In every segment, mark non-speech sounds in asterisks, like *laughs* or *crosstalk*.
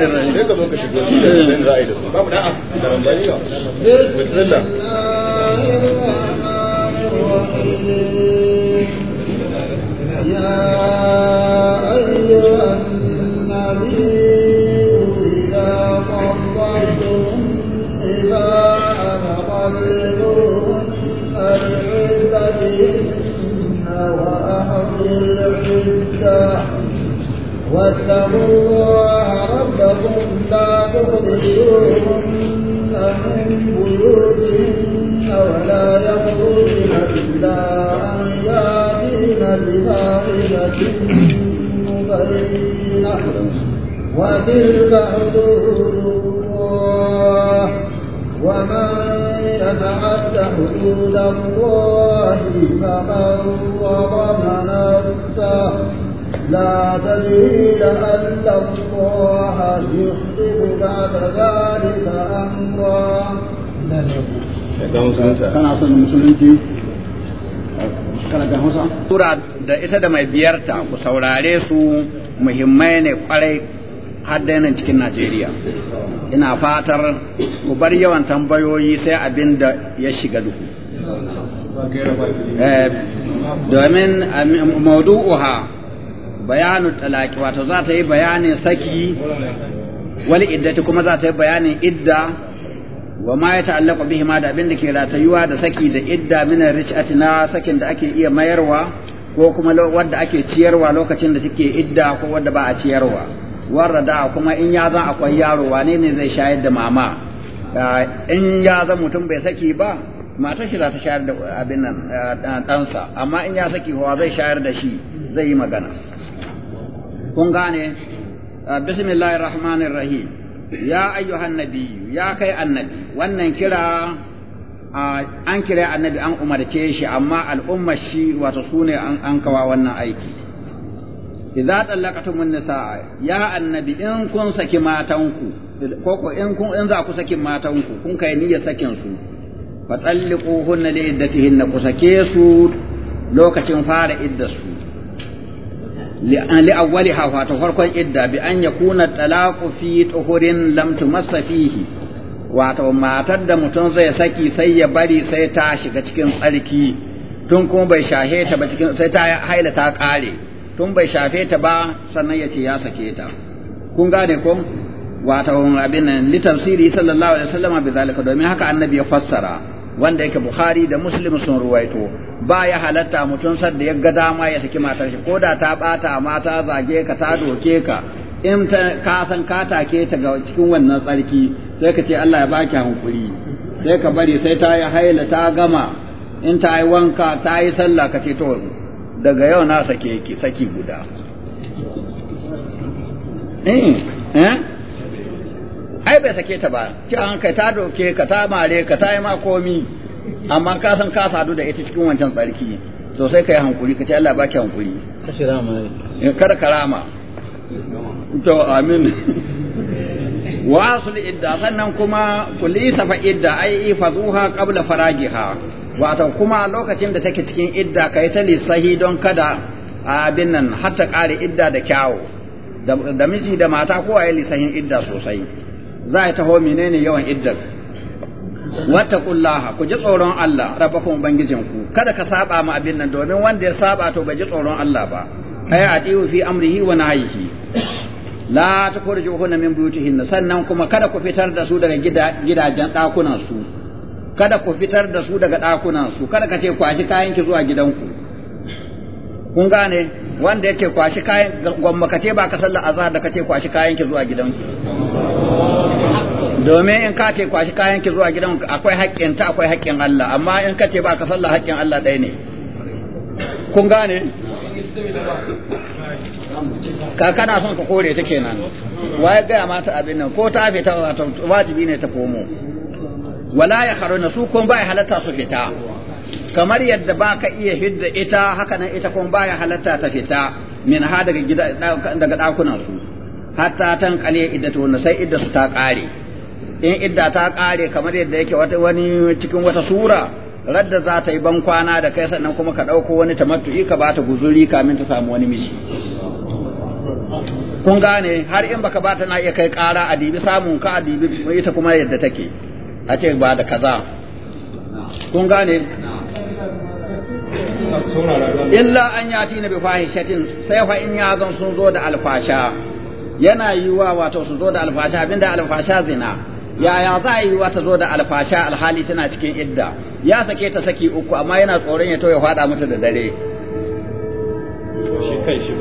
الرحمن الرحيم بسم الله الرحمن الرحيم يا أيها النبي إذا طلقتم نساء فطلقوهن لعدتهن واتقوا الله ربكم لا تخرجوهن من بيوتهن ولا يخرجن إلا أن يأتين بفاحشة مبينة وتلك حدود الله ومن يتعد حدود الله فمن ظلم نفسه لا تدري أن الله يحدث بعد ذلك أمرا tura da ita da mai biyarta ku saurare su muhimmai ne kwarai har cikin Najeriya ina fatar ku bar yawan tambayoyi sai abin da ya shiga duhu eh, domin eh, maudu'uha bayanu talaki wato za ta yi bayanin saki wal iddati kuma za ta yi bayanin idda wa ma ya ta'allaqu bihi ma da abin da ke ratayuwa da saki da idda min rij'ati na sakin da ake iya mayarwa ko kuma wadda ake ciyarwa lokacin da take idda ko wadda ba a ciyarwa warrada kuma in ya zan akwai yaro wane ne zai shayar da mama ah, in ya zan mutum bai saki ba matar shi za ta shayar da abin nan dansa ah, amma in ya saki kowa zai shayar da shi zai yi magana kun gane ah, bismillahir rahmanir rahim ya ayyuhan nabi ya kai annabi wannan kira ah, an kira annabi an umarce shi amma al'umma shi wato sune an kawa wannan aiki idza tallaqatumun nisaa ya annabi in kun saki matanku ko in kun in za ku saki matanku kun kai niyyar sakin su fa talliquhunna li iddatihinna ku sake su lokacin fara iddar su li'awwaliha wato farkon idda bi an yakuna talaqu fi tuhurin lam tumassa fihi wato matar da mutum zai saki sai ya bari sai ta shiga cikin tsarki tun kuma bai shafe ta ba cikin sai ta haila ta kare tun bai shafe ta ba sannan ya ce ya sake ta kun gane ko wato abin nan li sallallahu alaihi wasallam bi zalika domin haka annabi ya fassara wanda yake Bukhari da Muslim sun ruwaito ba ya halatta mutum sar ya ga dama ya saki matar shi ko da ta bata ma ta zage ka ta doke ka in ta ka san ka take ta ga cikin wannan tsarki sai ka ce Allah ya baki hankuri sai ka bari sai ta yi haila ta gama in ta yi wanka ta yi sallah ka ce to daga yau na sake ki saki guda eh eh ai bai sake ta ba ki an kai ta doke ka ta mare ka ta yi ma komi amma ka san ka sadu da ita cikin wancan tsarki to sai ka yi hankuri ka ce Allah baki hankuri kada karama to amin wasul idda sannan kuma kulisa fa idda ai ifazuha qabla faragiha wato kuma lokacin da take cikin idda kai ta lissahi don kada abin nan hatta kare idda da kyawu da miji da mata kowa ya lissahin idda sosai za a taho menene yawan iddar kullaha ku ji tsoron Allah rabbakum ku. kada ka saba ma abin nan domin wanda ya saba to bai ji tsoron Allah ba ay atiu fi amrihi wa nahyihi la hunna min buyutihinna sannan kuma kada ku fitar da su daga gidajen dakunan su kada ku fitar da su daga dakunan su kada ka ce kwashi kayan ki zuwa gidanku kun gane wanda yake kwashi kayan gwamma ka ce ba ka sallar azhar da ka ce kwashi kayan ki zuwa gidanki domin in ka ce kwashi kayan ki zuwa gidan akwai haƙƙin ta akwai haƙƙin Allah amma in ka ce ba ka sallah haƙƙin Allah ɗaya ne kun gane ka kana son ka kore ta kenan waye ga mata abin nan ko ta fita wajibi ne ta komo wala ya kharuna su kun ba halatta su fita kamar yadda ba ka iya hidda ita haka nan ita kun baya halatta ta fita min ha daga gida daga dakunan su hatta tan idda iddatu na sai idda su ta kare in idda ta kare kamar yadda yake wata wani cikin wata sura radda za ta yi ban kwana da kai sannan kuma ka dauko wani tamattu'i ka bata guzuri kamin ta samu wani miji kun gane har in baka bata na iya kai kara a dibi samun ka a dibi ita kuma yadda take a ce ba da kaza kun gane illa an yati na bi fahishatin sai fa in ya zan sun zo da alfasha yana yiwa wato su zo da alfasha abinda alfasha zina yaya za a yi wa ta zo da alfasha alhali suna cikin idda ya sake ta saki uku amma yana tsoron ya to ya fada mata da dare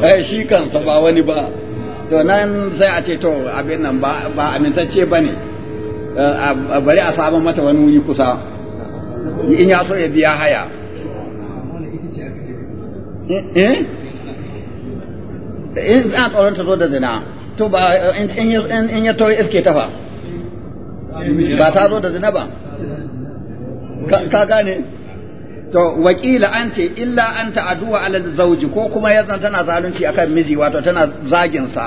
eh shi kansa ba wani ba to nan sai a ce to abin nan ba amintacce ba ne eh, bari a sabon mata wani wuri kusa in ya so ya biya haya in eh, eh? a tsoron ta zo da zina to ba in ya tawo iske tafa ba ta zo da zina ba ka gane to wakila an ce illa an ta'aduwa ala zauji ko kuma yazan tana zalunci akan miji wato tana zagin sa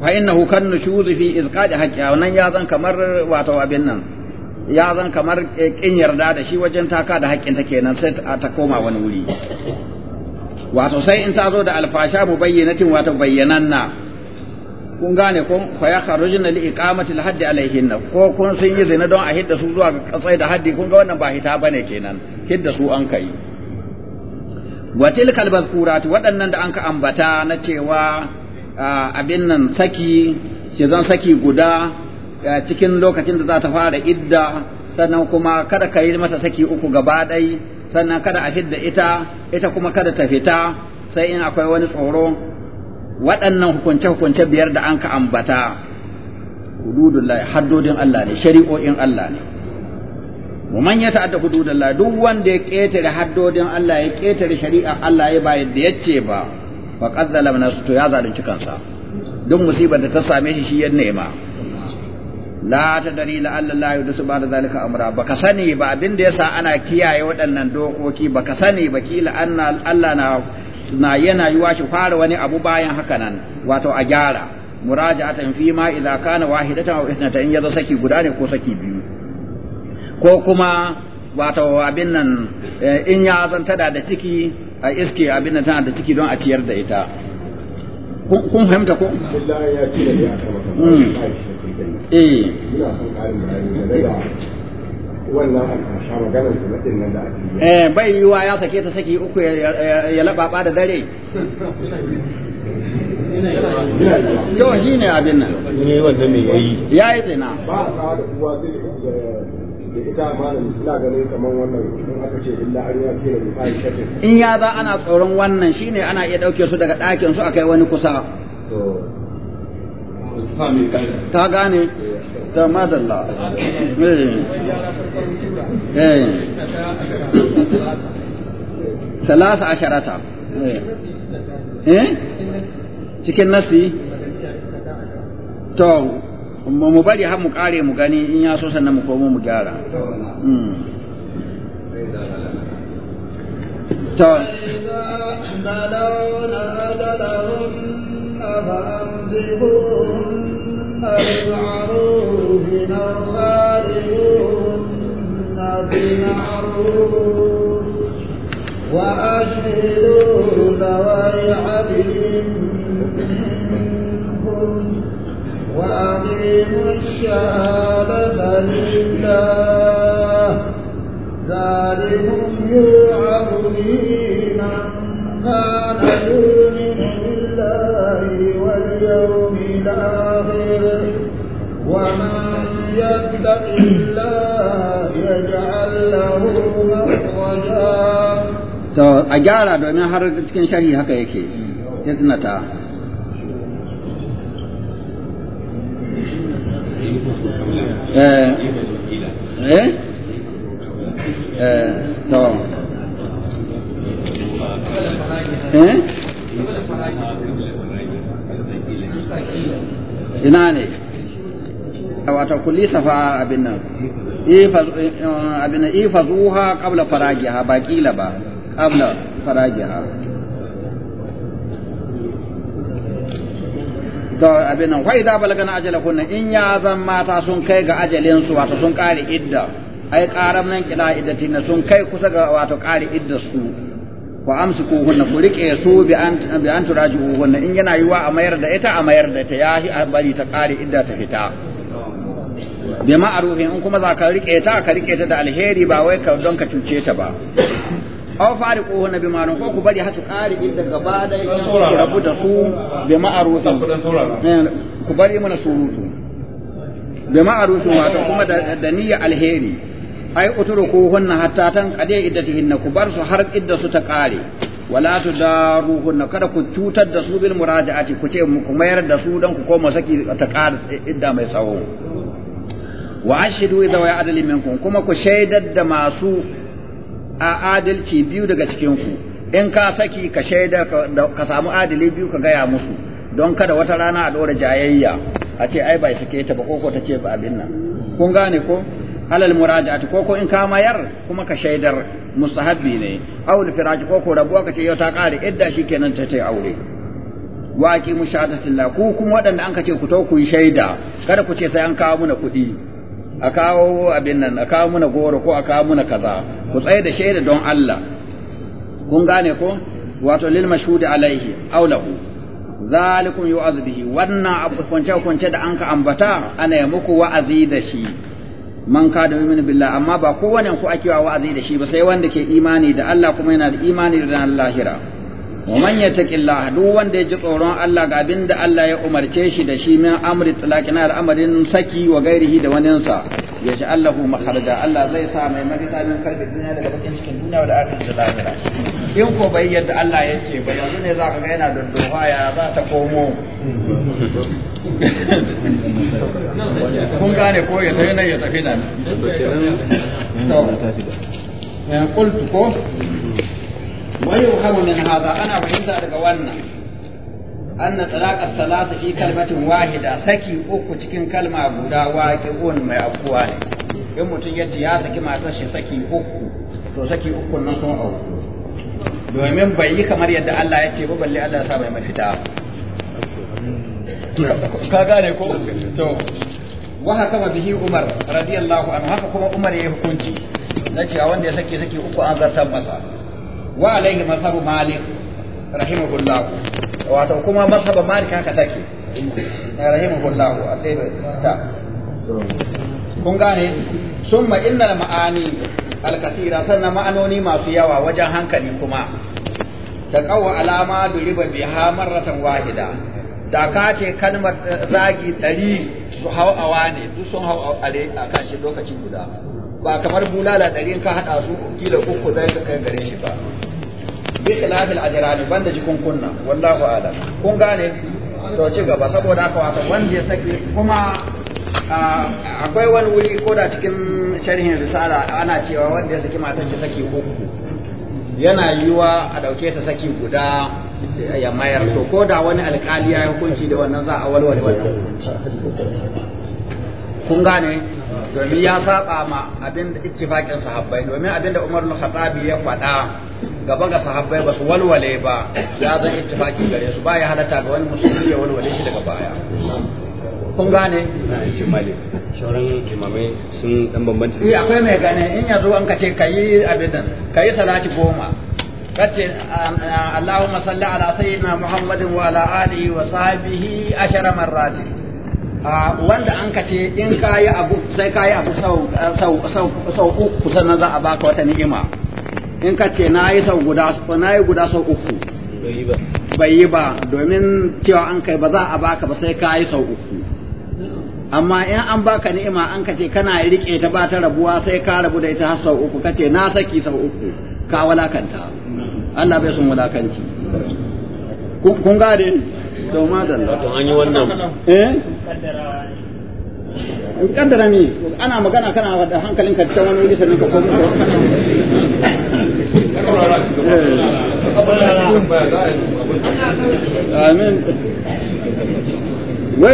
fa innahu kan nushuzi fi izqadi haqqi wannan ya zan kamar wato abin nan ya zan kamar e, kin yarda da shi wajen taka da haƙƙin ta kenan sai ta koma wani wuri wato sai in ta zo da alfasha mu bayyanatin wato bayyananna kun gane kun fa ya kharujna li iqamati al alaihin ko kun sun yi zina don a hidda su zuwa ga kasai da haddi kun ga wannan ba hita bane kenan hidda su an kai wa tilka al mazkurati waɗannan da anka ambata na cewa abin nan saki ce zan saki guda cikin lokacin da za ta fara idda sannan kuma kada ka yi mata saki uku gaba ɗai sannan kada a hidda ita ita kuma kada ta fita sai in akwai wani tsoro waɗannan hukunce-hukunce biyar da an ka ambata hududullahi haddodin Allah ne shari'o'in Allah ne mu man ta'adda hududullahi duk wanda ya ƙetare haddodin Allah ya ƙetare shari'a Allah ya ba yadda ya ce ba fa qad zalamna to ya zalunci kansa duk musibar da ta same shi shi ya nema la ta dari la Allah la yudusu ba da zalika amra baka sani ba abin da yasa ana kiyaye waɗannan dokoki baka sani ba kila anna Allah na na yana yiwa shi fara wani abu bayan haka nan wato a gyara muraja'atan fi ma idza kana wahidatan aw ithnatan in yazo saki guda ne ko saki biyu ko kuma wato abin nan eh, in ya zanta da ciki a iske abin nan tana da ciki don a ciyar da ita kun fahimta ko hmm. eh wannan eh bai yiwa ya sake ta saki uku ya laɓaɓa da dare yau shi ne abin nan ne wanda mai yayi ya yi tsina ba a da uwa zai da ita malamin suna ganin kamar wannan in aka ce illa an ya kira bi fa'i in ya za ana tsoron wannan shine ana iya dauke su daga ɗakin su akai wani kusa ka gane ta madalla eh salasa eh. asharata eh. eh cikin nasi to mu bari har mu kare mu gani in ya so sannan mu komo mu gyara hmm. بالمعروف أو فارقهن بالمعروف وأشهدوا ذوي عدل منكم وأقيموا الشهادة لله ذلكم يوعظ به من كان يؤمن بالله واليوم الآخر ومن يتق الله يجعل له مخرجا to a gyara domin har cikin shari haka yake iznata eh. eh eh to eh ina ne wato kulli safa abin nan abin nan zuha qabla farajiha ba kila ba qabla farajiha da abin nan wai da balagana ajala kunna in ya zan mata sun kai ga ajalin su wato sun kare idda ai karam nan kila iddatin sun kai kusa ga wato kare idda su wa ku hunna ku rike su bi an bi an turaji'u hunna in yana yiwa a mayar da ita a mayar da ita yahi a bari ta kare idda ta fita bi ma'rufin in kuma za ka rike ta ka rike ta da alheri ba wai ka don ka cuce ta ba aw fariquhu nabi ma ko ku bari hasu qari inda gaba da ku rabu da su bi ma'rufin eh, ku bari mana surutu bi ma'rufin wato kuma da niyya alheri ai uturu utruku hunna hatta tan qade iddatihinna ku bar su har idda su ta qare wala tudaruhunna kada ku cutar da su bil muraja'ati ku ce ku mayar da su dan ku koma saki ta qare idda mai tsawo wa ashidu idza wa adali minkum kuma ku shaidar da masu a adalci biyu daga cikin ku in ka saki ka shaidar ka samu adali biyu ka gaya musu don kada wata rana a dora jayayya a ce ai bai suke ta ba ko ko ta ba abin nan kun gane ko alal muraja'at ko ko in ka mayar kuma ka shaidar mustahabbi ne aw al firaj ko ko rabuwa ka ce yau ta kare idda shikenan ta tai aure wa aqimu shahadatillahi ku kuma wadanda an ka ce ku to ku yi shaida kada ku ce sai an kawo muna kuɗi a kawo abin nan a kawo muna goro ko a kawo muna kaza ku tsaye da shaida don Allah kun gane ko wato lil mashhudi alaihi aw lahu zalikum yu'adhu bihi wannan abu kunce kunce da anka ambata ana yi muku wa'azi da shi man ka da yumin billah amma ba kowane ku ake wa'azi da shi ba sai wanda ke imani da Allah kuma yana da imani da lahira wa ta yattaqillah duk wanda ya ji tsoron Allah ga abin da Allah ya umarce shi da shi min amri talaqi na al'amarin saki wa gairihi da wani sa ya ji Allahu maharaja Allah zai sa mai mafita min karbi duniya daga bakin cikin duniya da arzikin lahira in ko bai yadda Allah ya ce ba yanzu ne zaka ga yana dondowa ya za ta komo kun gane ko ya nan ya tafi nan to ya ko wayo haru min hada ana fahimta daga wannan anna talaqat salasa fi kalmatin wahida saki uku cikin kalma guda waqi un mai afuwa ne in mutum ya ya saki matar shi saki uku to saki uku nan sun au domin bai yi kamar yadda Allah ya ce ba balle Allah ya sa mai mafita ka gane ko to wa haka ma bihi umar radiyallahu anhu haka kuma umar ya yi hukunci na cewa wanda ya saki saki uku an zartar masa wa alaihi masabu malik rahimahullah wato kuma masabu malik haka take rahimahullah ta kun gane summa innal ma'ani alkasira sannan ma'anoni masu yawa wajen hankali kuma ta qawwa alama duriba biha maratan wahida da ka ce kalmar zagi ɗari su hau awa ne duk sun hau a kan shi lokaci guda ba kamar bulala ɗari ka haɗa su kila uku zai ka kai gare shi ba bi khilafil ajrani banda jikun kunna wallahu a'lam kun gane to ci gaba saboda haka wato wanda ya saki kuma akwai wani wuri ko da cikin sharhin risala ana cewa wanda ya saki matar shi saki uku yana yiwa a dauke ta saki guda ya mayar to ko da wani alkali ya hukunci da wannan za a walwale wannan kun gane domin ya saba ma abin da ittifaqin sahabbai domin abin da Umar bin khattab ya faɗa gaba ga sahabbai ba su walwale ba ya zan ittifaqi gare su baya halatta ga wani musulmi ya walwale shi daga baya kun gane shauran imamai sun dan bambanta eh akwai mai gane in ya zo an kace kayi abin nan kayi salati goma kace ah, ah, Allahumma salli ala sayyidina Muhammadin wa ala alihi wa sahbihi ashara marratin Ah, wanda an kace in ka yi abu sai ka yi abu eh, sau uku sannan za a baka wata ni'ima in ka ce na yi sau guda na yi guda sau uku bai yi ba domin cewa an kai ba za a baka ba sai ka yi sau uku amma in an baka ni'ima an ka ce kana rike ta ba ta rabuwa sai ka rabu da ita har sau uku ka ce na saki sau uku ka kanta. Allah bai sun walakanci kun gane to madalla wato an yi wannan eh in kaddara ni ana magana kana da hankalinka ta wani wuri sannan ka komo eh. amin لا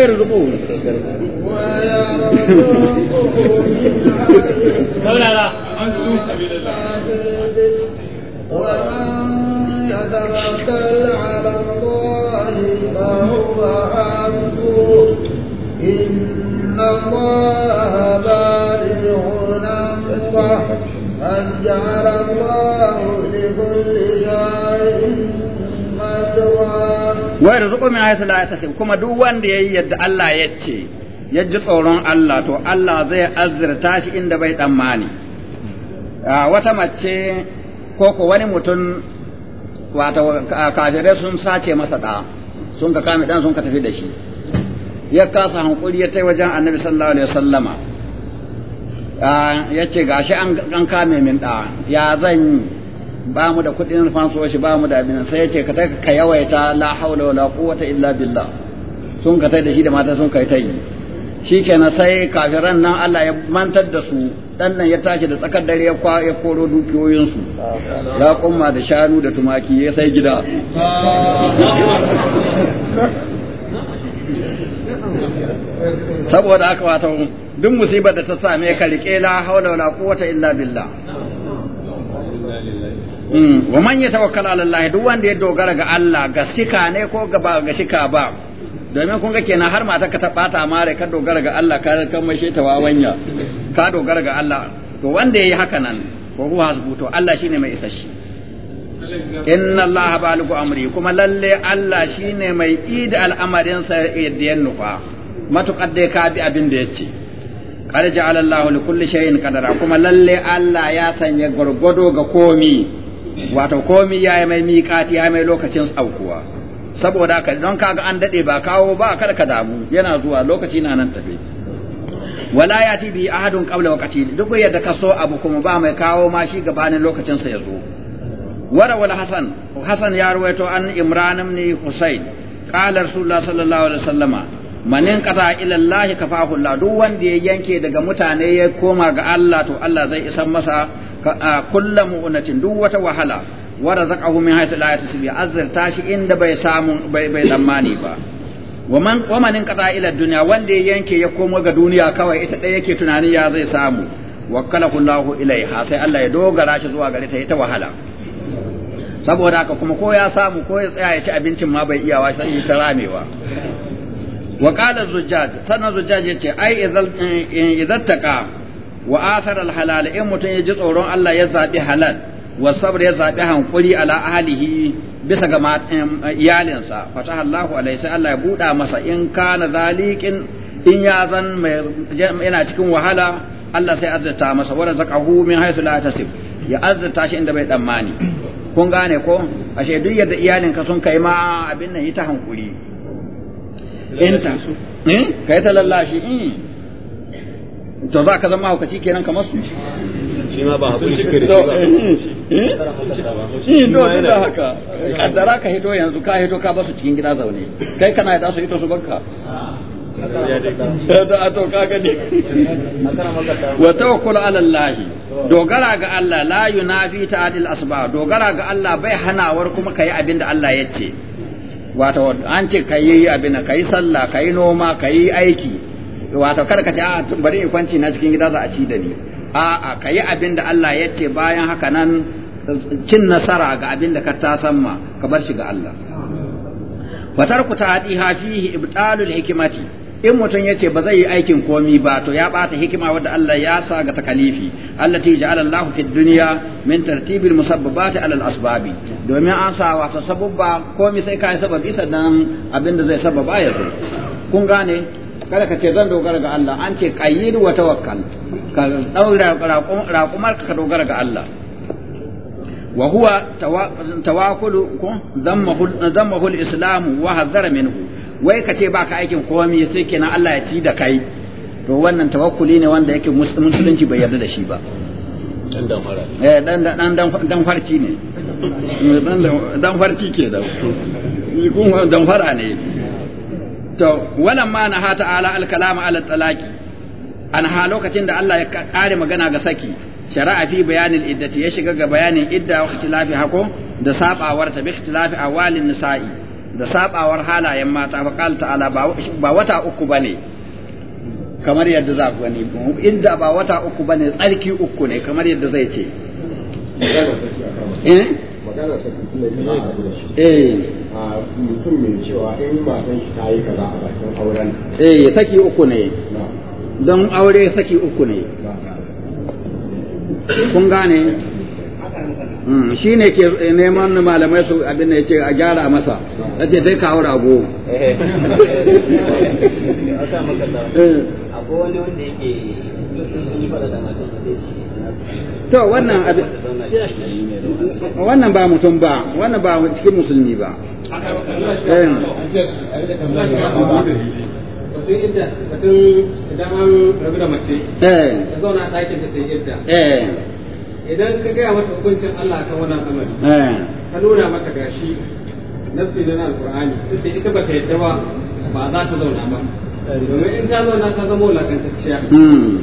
لا لا wai da إن min ayatul kuma duk wanda yayi yadda Allah ya ce ya ji tsoron Allah to Allah zai azurta shi inda bai tsammani wata mace ko ko wani mutum wato kafirai sun sace masa da sun ka kame dan sun ka tafi da shi ya kasa hankuri ya tai wajen annabi sallallahu alaihi wasallama ya ce gashi an kame min da ya zan ba mu da kuɗin fanso shi ba mu da abin sai ya ce ka ka yawaita la haula wala quwwata illa billah sun ka tai da shi da mata sun kai tai shikenan sai kafiran nan Allah ya mantar da su dan nan ya tashi da tsakar dare ya kwa ya koro dukiyoyinsu ya kuma da shanu da tumaki ya sai gida saboda haka wata duk musibar da ta same ka rike la haula wala quwwata illa billah mm. wa man yatawakkal ala Allah duk wanda ya dogara ga Allah ga shika ne ko ga ba ga shika ba domin kun ga kenan har mata ka ta bata mare ka dogara ga Allah ka kan mashe ta ka dogara ga Allah to wanda yayi haka nan ko huwa to Allah shine mai isashi inna Allah baliku amri kuma lalle Allah shine mai ida al'amarin sa yadda yan nufa matukar dai ka bi abin da yace qad ja'ala Allah li kulli shay'in qadara kuma lalle Allah ya sanya gwargwado ga komi wato komi ya yi mai miƙati ya mai lokacin aukuwa saboda ka don kaga an dade ba kawo ba kada ka damu yana zuwa lokaci na nan tafi wala ya ti bi ahadun qabla waqati duk yadda ka so abu kuma ba mai kawo ma shi gabanin lokacin sa yazo wara wala hasan hasan ya ruwaito an imran ibn husayn qala rasulullah sallallahu alaihi wasallama manin qata ila allah kafahu allah duk wanda ya yanke daga mutane ya koma ga Allah to Allah zai isan masa kullum mu'unatin duk wata wahala wara zaqahu min haythu la yasbi azzal tashi inda bai samu bai bai ba waman kasa qada ila dunya wanda ya yanke ya komo ga duniya kawai ita ɗaya yake tunanin ya zai samu wakkalahu allah ilaiha sai Allah ya dogara shi zuwa gare ta ita wahala saboda haka kuma ko ya samu ko ya tsaya ya ci abincin ma bai iyawa sai ta ramewa wa qala zujjaj sanan zujjaj yace ai idzal idzattaka wa athar al halal in mutun ya ji tsoron Allah ya zabi halal wa sabr ya zabi hankuri ala ahlihi bisa ga iyalinsa fata Allahu alaihi sai Allah ya buɗa masa in kana zalikin in ya zan yana cikin wahala Allah sai azzata masa wala zaqahu min haythu la tasib ya azzata shi inda bai tsammani kun gane ko ashe duk yadda iyalinka sun kai ma abin nan ita hankuri inta eh kai ta lallashi hmm. to za ka zama hukaci kenan kamar su ba ka hito yanzu ka hito ka basu cikin gida zaune kai kana su su banka eh, ka wa tawakkul dogara ga Allah la yunafi ta'dil asba ga Allah bai hanawar kuma kai abin da Allah ya ce wato an ce kai abin kai sallah kai noma kai aiki wato kada ka ce ah, bari in kwanci na cikin gida za a ci da ni a'a ka yi abin Allah ya ce bayan haka nan cin nasara ga abin da ka ma ka bar shi ga Allah fatarku ta'atiha fihi ibtalul hikimati in mutum ya ce ba zai yi aikin komi ba to ya bata hikima wadda Allah ya sa ga takalifi allati ja'ala Allah fi dunya min tartibil musabbabati ala al asbabi domin an sa wa sababba komi sai kai sababi sannan abinda zai sababa ya zo kun gane kada ka ce zan dogara ga Allah an ce qayyid wa tawakkal ka daura raƙumar ka dogara ga Allah wa huwa tawakkulu ko zammahu zammahu al-islam wa hadhara minhu wai ka ce baka aikin komai sai kenan Allah ya ci da kai to wannan tawakkuli ne wanda yake musulunci bai yarda da shi ba dan eh, dan fara eh dan dan farci ne dan dan farci ke da kun dan fara ne to walamma na ha ta'ala al-kalam ala talaqi an ha lokacin da Allah ya kare magana ga saki shari'a fi bayanin iddati ya shiga ga bayanin idda wa ikhtilafi hako da sabawar ta bi ikhtilafi awalin nisa'i da sabawar halayen mata fa qala ta'ala ba wata uku bane kamar yadda za ku gani idda ba wata uku bane tsarki uku ne kamar yadda zai ce eh, eh. Ah, mutum mai cewa in matan shi ta yi kaza a bakin auren eh saki uku ne don aure saki uku ne kun gane hmm, shi ne ke neman malamai su abin da ya ce a gyara masa da ce dai kawo rago to wannan abin wannan ba mutum ba wannan ba cikin musulmi ba eh. batun idda batun idan an rabu da mace eh. ta zauna ɗakin da ta yi idda eh. idan ka gaya mata hukuncin Allah kan wannan al'amari eh ka nuna mata gashi nafsi na alqur'ani tace ita ba ta yadda ba ba za ta zauna ba domin in ta zauna ta zama wulakantacciya hmm.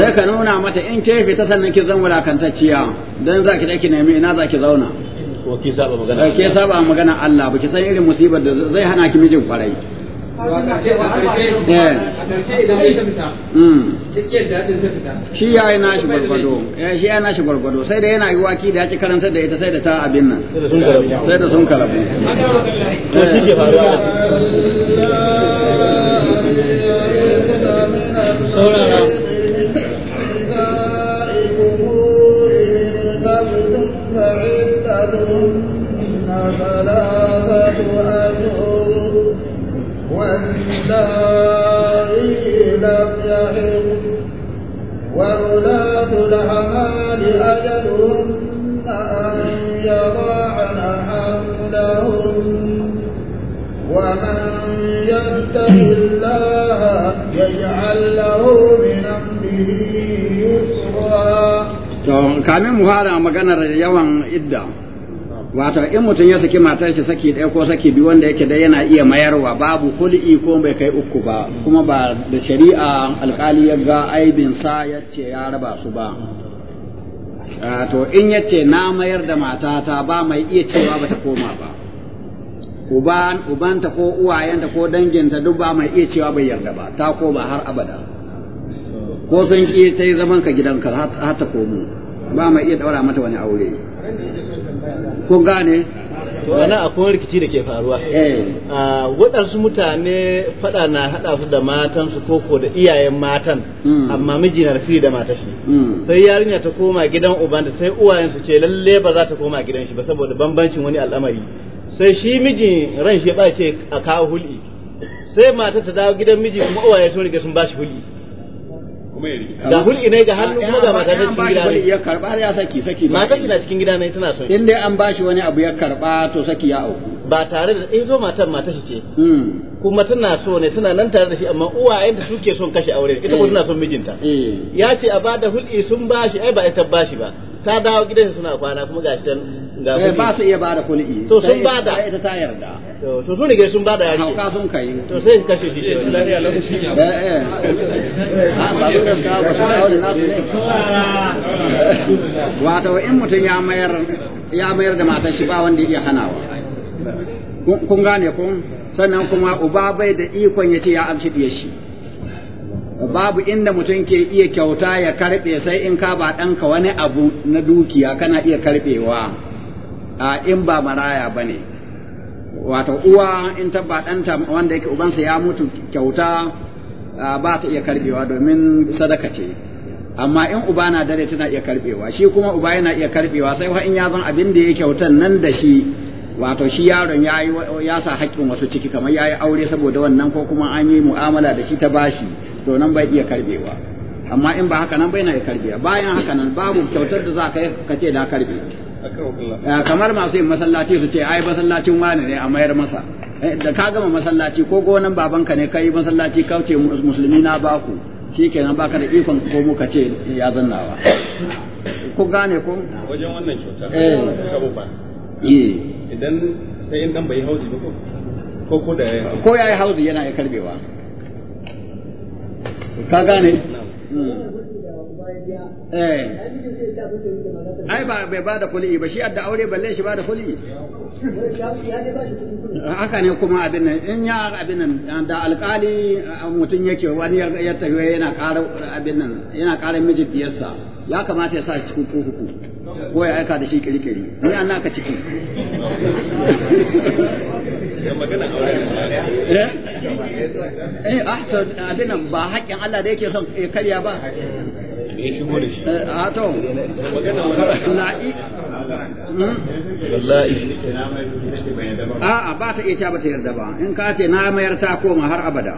sai ka nuna mata in ke fita sannan ki zan wulakantacciya don za ki da ki nemi ina za ki zauna ko ki saba magana Allah ba ki san irin musibar da zai hana ki mijin kwarai shi ya yi nashi gwargwado eh, shi ya nashi gwargwado sai da yana yi waki da ya ci karanta da ita sai da ta abin nan sai da sun karabu to shi ke faruwa kamin fara maganar yawan idda wato in mutum ya saki matar shi saki ɗaya ko saki biyu wanda yake dai yana iya mayarwa babu kul'i ko bai kai uku ba kuma ba da shari'a alkali ya ga aibin sa ya ce ya raba su ba to in ya ce na mayar da matata ba mai iya cewa bata koma ba uban ubanta ko uwayenta ko danginta duk ba mai iya cewa bai yarda ba ta koma har abada ko sun ki ta yi zaman ka gidanka har ta komo ba mai iya daura mata wani aure kun gane wani akwai rikici da ke faruwa eh. waɗansu mutane faɗa na haɗa su da matansu koko da iyayen matan hmm. amma miji na rafi da matashi hmm. sai yarinya ta koma gidan ubanta sai uwayen ce lalle ba za ta koma gidan shi ba saboda bambancin wani al'amari sai shi miji ran shi ya ce a kawo hul'i sai mata ta dawo gidan miji kuma uwaye sun riga sun ba shi hul'i kuma ya da hul ne ga hannu kuma ga mata cikin gida ne ya karba ya saki saki mata na cikin gida ne tana so in dai an bashi wani abu ya karba to saki ya auku ba tare da in zo matan mata shi ce hmm. kuma tana so ne tana nan tare da shi amma uwayen da suke son kashe aure ita kuma eh. tana son mijinta eh. ya ce a bada hul'i sun bashi ai ba ita bashi ba ta dawo gidan suna kwana kuma ga shi eh, ga kuɗi ba su iya ba da kuɗi to sun ba da ita ta yarda to sun rige sun ba da yari hauka sun kai to sai in kashe shi eh, sai ya eh eh ba su da ka ba su dawo da nasu ne wato in mutun ya mayar ya mayar da matan shi ba wanda ya hanawa kun gane kun sannan kuma uba bai da ikon ya ce ya amshi biyar shi babu inda mutum ke iya kyauta ya karɓe sai in ka ba ɗanka wani abu na dukiya kana iya karɓewa a in ba maraya ba ne wato uwa in ta ba ɗanta wanda yake ubansa ya mutu kyauta ba ta iya karɓewa domin sadaka ce amma in uba na dare tana iya karbewa shi kuma uba yana iya karɓewa sai in ya zan abin da ya kyautan nan da shi wato shi yaron ya ya sa haƙƙin wasu ciki kamar ya yi aure saboda wannan ko kuma an yi mu'amala da shi ta bashi to nan bai iya karbewa amma in ba haka nan bai na iya karbewa bayan haka nan babu kyautar da za ka yi ka ce da karbe eh, kamar masu yin masallaci su ce ai masallacin wani ne a mayar masa eh, da ka gama masallaci ko gonan babanka ne kai masallaci kauce musulmi na baku shi nan baka da ikon komo ka ce ya zannawa ku gane ko wajen wannan kyauta sabo eh. idan sai in dan bai hausi ba ko ko da ko yayi hausi yana ya karbewa ka gane hmm. eh. eh ai ba bai bada kuli'i ba shi adda aure balle shi ba da kuli haka ne kuma abin nan in ya abin nan da alkali mutum yake wani ya tafiya yana ƙara abin nan yana ƙara miji biyarsa ya kamata ya sa shi cikin kurkuku ko ya aika da shi kirkiri ni an naka ciki *laughs* Eh? eh ah to abin ba haƙƙin Allah da yake son karya ba eh, a ah, to la'i wallahi hmm? a'a ba ta iya ba ta yarda ba in ka ce na mayar ta koma har abada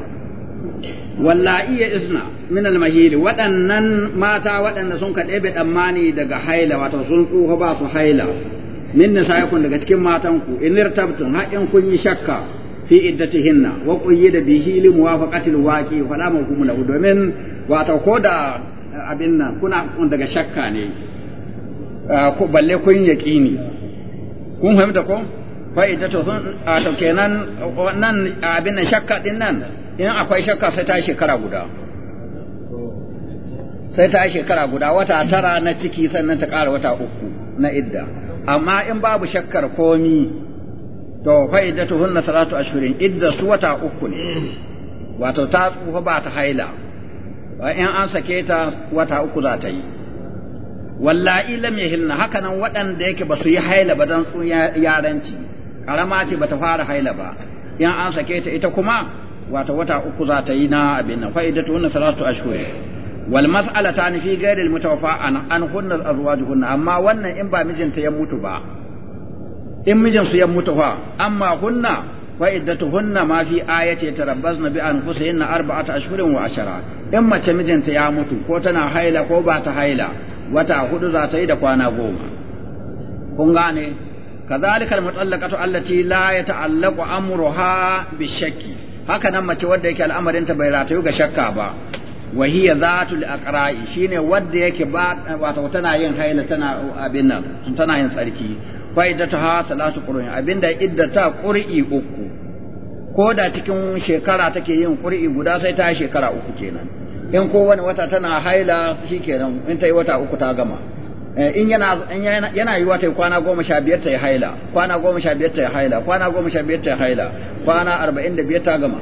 wallahi ya isna min almahili waɗannan mata waɗanda sun ka ɗebe ɗammani daga haila wato sun tsufa ba su haila min nisaikum daga cikin matanku in irtabtum ha in kun yi shakka fi iddatihinna wa qayyida bihi li muwafaqatil waqi fala mahkum lahu domin wato ko da eh, abin nan kuna kun daga shakka ne eh, ko balle kun yaqini kun fahimta ko fa iddatu sun a to kenan wannan abin nan shakka din nan in akwai shakka sai ta shekara guda sai ta shekara guda wata tara na ciki sannan ta ƙara wata uku na idda amma in babu shakkar komi to fa'idatu hunna salatu ashirin idda su wata uku ne wato ta tsufa ba ta haila in an sake ta wata uku za ta yi wallahi lam yahilna hakanan waɗanda yake ba su yi haila ba dan tsun yaranci karama ce bata fara haila ba in an sake ta ita kuma wato wata uku za ta yi na abin nan fa'idatu hunna salatu ashhurin wal mas'alata ni fi ghairi al mutawaffa an an hunna azwajuhunna amma wannan in ba mijinta ya mutu ba in mijin ya mutu fa amma hunna wa iddatuhunna ma fi ayati tarabbasna bi anfusihinna arba'ata ashhurin wa ashara in mace mijinta ya mutu ko tana haila ko ba ta haila wata hudu za ta yi da kwana goma kun gane كذلك المطلقة التي لا يتعلق أمرها بالشك haka nan mace wadda yake al'amarin ta bai ratayu ga shakka ba wa hiya zatul aqra'i shine wanda yake ba wato tana yin haila tana abin nan tana yin tsarki faidatuha salatu qur'in abinda iddata qur'i uku ko da cikin shekara take yin qur'i guda sai ta shekara uku kenan in ko wani wata tana haila shikenan in ta yi wata uku ta gama eh, in yana yana yi ta kwana goma sha biyar ta yi haila kwana goma sha biyar ta yi haila kwana goma sha biyar ta yi haila kwana arba'in da biyar ta gama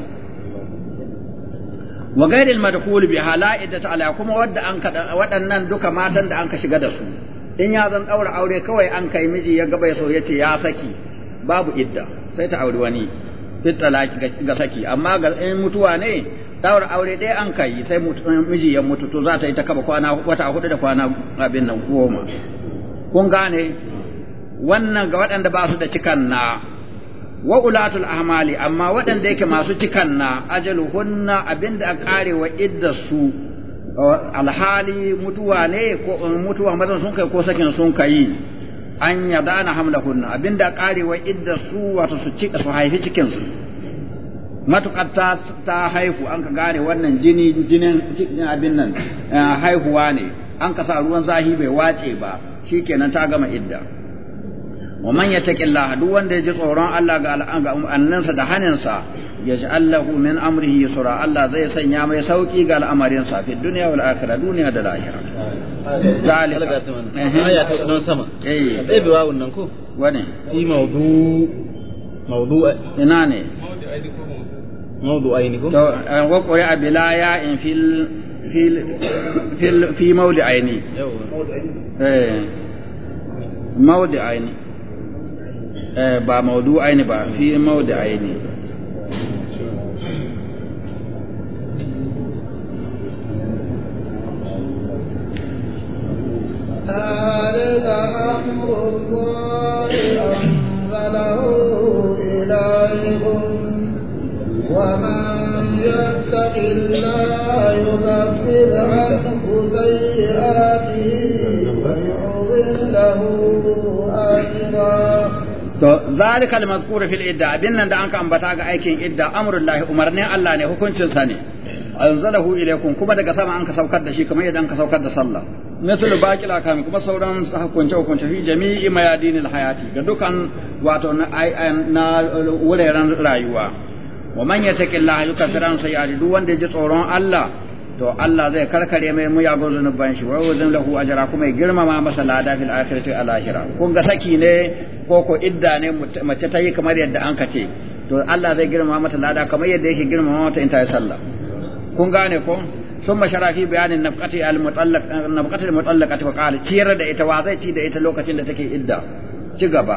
wa gairil madkhul bi la ala kuma wadda an kada waɗannan duka matan da an ka shiga da su in ya zan daura aure kawai an kai miji ya gaba so yace ya saki babu idda sai ta auri wani fit talaki ga saki amma ga in mutuwa ne daura aure dai an kai sai miji ya mutu to za ta yi ta kaba kwana wata hudu da kwana abin nan goma kun gane wannan ga waɗanda ba su da cikan na wa ulatul ahmali amma waɗanda yake masu cikan na ajalu hunna abinda a wa idda su alhali mutuwa ne ko mutuwa mazan sun kai ko sakin sun kai an yada hamla hunna abinda a wa idda su wato su cika su haifi cikin su matukar ta ta haihu an ka gane wannan jini jinin abin nan eh, haihuwa ne an ka sa ruwan zahi bai wace ba shikenan ta gama idda wa man yattaqillaha duk wanda ya ji tsoron Allah ga al'amuransa da haninsa sa allahu min amrihi yusra Allah zai sanya mai sauki ga al'amarin sa fi dunya wal akhirah duniya da lahira zalika aya ta sama eh, eh. sai eh. ko mawdu mawdu ina ne mawdu ko eh, wa in fil fil fil fi mawdi eh mawdi ba maudu'ai ne ba fi maudu'ai ne ذلك أمر ومن يتق الله يكفر له to zalikal mazkuru fil idda abin nan da an ka ambata ga aikin idda amrullahi umarnin Allah ne hukuncin sa ne anzalahu ilaykum kuma daga sama an ka saukar da shi kamar yadda an ka saukar da sallah misal baqil akami kuma sauran hukunce hukunce fi jami'i mayadinil hayati ga dukan wato na na wuraren rayuwa wa man yattaqillaha yukaffiran sayyi'ati duk wanda ya ji tsoron Allah to Allah zai karkare mai mu yago zunuban shi wa yuzin lahu ajra kuma ya girmama masa lada fil akhirati al akhirah kun ga saki ne ko ko idda ne mace ta yi kamar yadda an kace to Allah zai girmama mata lada kamar yadda yake girmama mata in ta yi sallah kun gane ko ثم شرع في بيان النفقة المطلقة النفقة المطلقة وقال تير da ita wa zai ci da ita lokacin da take idda ci gaba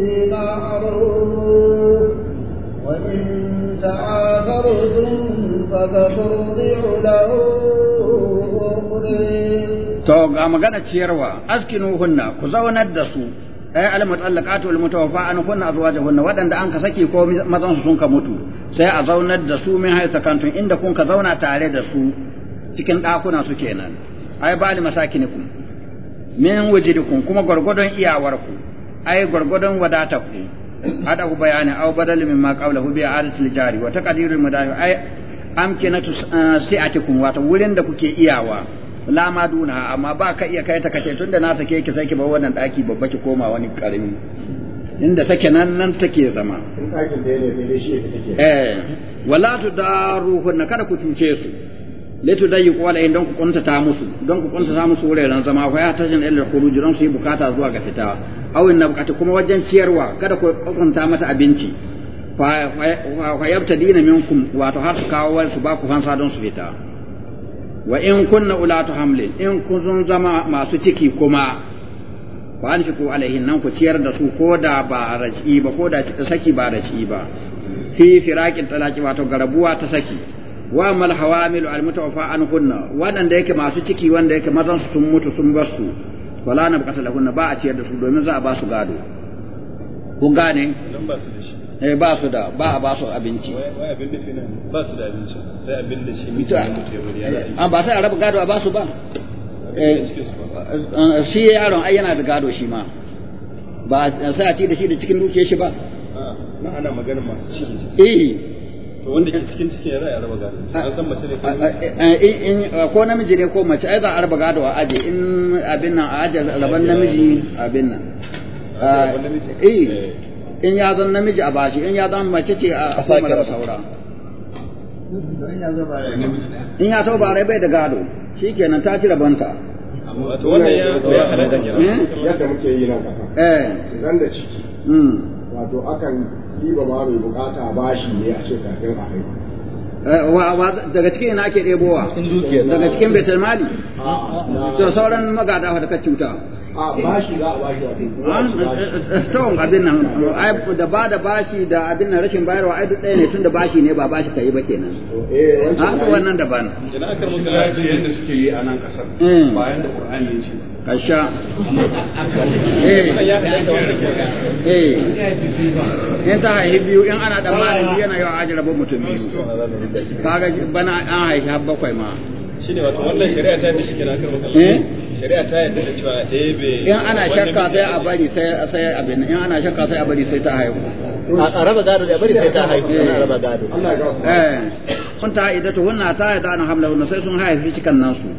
بمعروف وإن تعاثرتم فتترضعوا له To ga magana ciyarwa, askinu hunna ku zaunar da su, ai al-mutallaqatu wal mutawaffa an hunna azwajuhunna waɗanda an ka saki ko mazan su sun ka mutu sai a zaunar da su min haisa kantun inda kun ka zauna tare da su cikin ɗakuna su kenan ai bali masakinikum min wujidikum kuma gwargwadon iyawarku ai gwargwadon wadata ku hada ku bayani aw badal mimma qablahu bi adatil jari wa taqdirul mudafi ai amkinatu eh, si'atikum wato wurin da kuke iyawa la ma duna amma ba ka iya kai ta kace tunda na sake ki sai ki bar wannan daki babba ki koma wani karami inda take nan nan take zama dakin da ne sai dai shi take eh wala tudaruhunna kada ku tunce su laitu da yi kwala don ku ta musu don ku ta musu wuraren zama ko ya tashin ilal khuruj don su yi bukata zuwa ga fita awin na bukatu kuma wajen ciyarwa kada ku kwanta mata abinci fa dina minkum wato har su kawo wani su ba ku fansa don su fita wa in kunna ulatu hamlin in kun zama masu ciki kuma ku an shi alaihin nan ku ciyar da su ko da ba raci ba ko da saki ba raci ba fi firaqin talaqi wato garabuwa ta saki wa mal hawamilu al mutawaffa an kunna wadanda yake masu ciki wanda yake mazan sun mutu sun bar su wala na bukata lahunna ba a ciyar da su domin za a ba su gado kun gane eh ba su da ba a ba su abinci ba su da abinci sai abin da shi mutu ya bari an ah, ba sai a raba gado a ba su ba eh, eh, shi yaron ai yana da gado shi ma ba sai a ci da shi da cikin dukiyar shi ba ah, na magana masu ci eh to wanda ke cikin cikin ya raba gado an san mace ne ko namiji ne ko mace ai za a raba gado a aje in abin nan a aje raban namiji abin nan eh, eh in ya zan namiji a bashi in ya zan mace ce a kuma da saura in ya to ba rai bai da gado shikenan ta ci rabanta to wannan ya ya eh? yadda muke yi nan eh zan da ciki hmm. wato akan mai bashi ne a ce kafin a eh, daga cikin ina ake ɗebowa daga cikin betul mali to sauran magada da ka cuta tawon ah, eh, eh, eh, abin nan da ba da bashi da abin nan rashin bayarwa ai duk ɗaya ne tun da bashi ne ba bashi ka yi ba kenan ha ah, wannan da ba bana ina ka muka yace yanda suke yi a nan kasar bayan da qur'ani ya ce kasha eh eh in ta haihi biyu in ana da malin biyu yana yawa ajira ba mutum biyu kaga bana an haihi bakwai ma shine wato wannan shari'a ta shi kenan kan shari'a ta yarda da cewa ɗebe eh, in ana shakka sai a bari sai sai abin in ana shakka sai a bari sai ta haihu a raba gado da bari sai ta haihu a raba gado eh kun ta idatu hunna ta yada an hamla sai sun haifi cikan nan su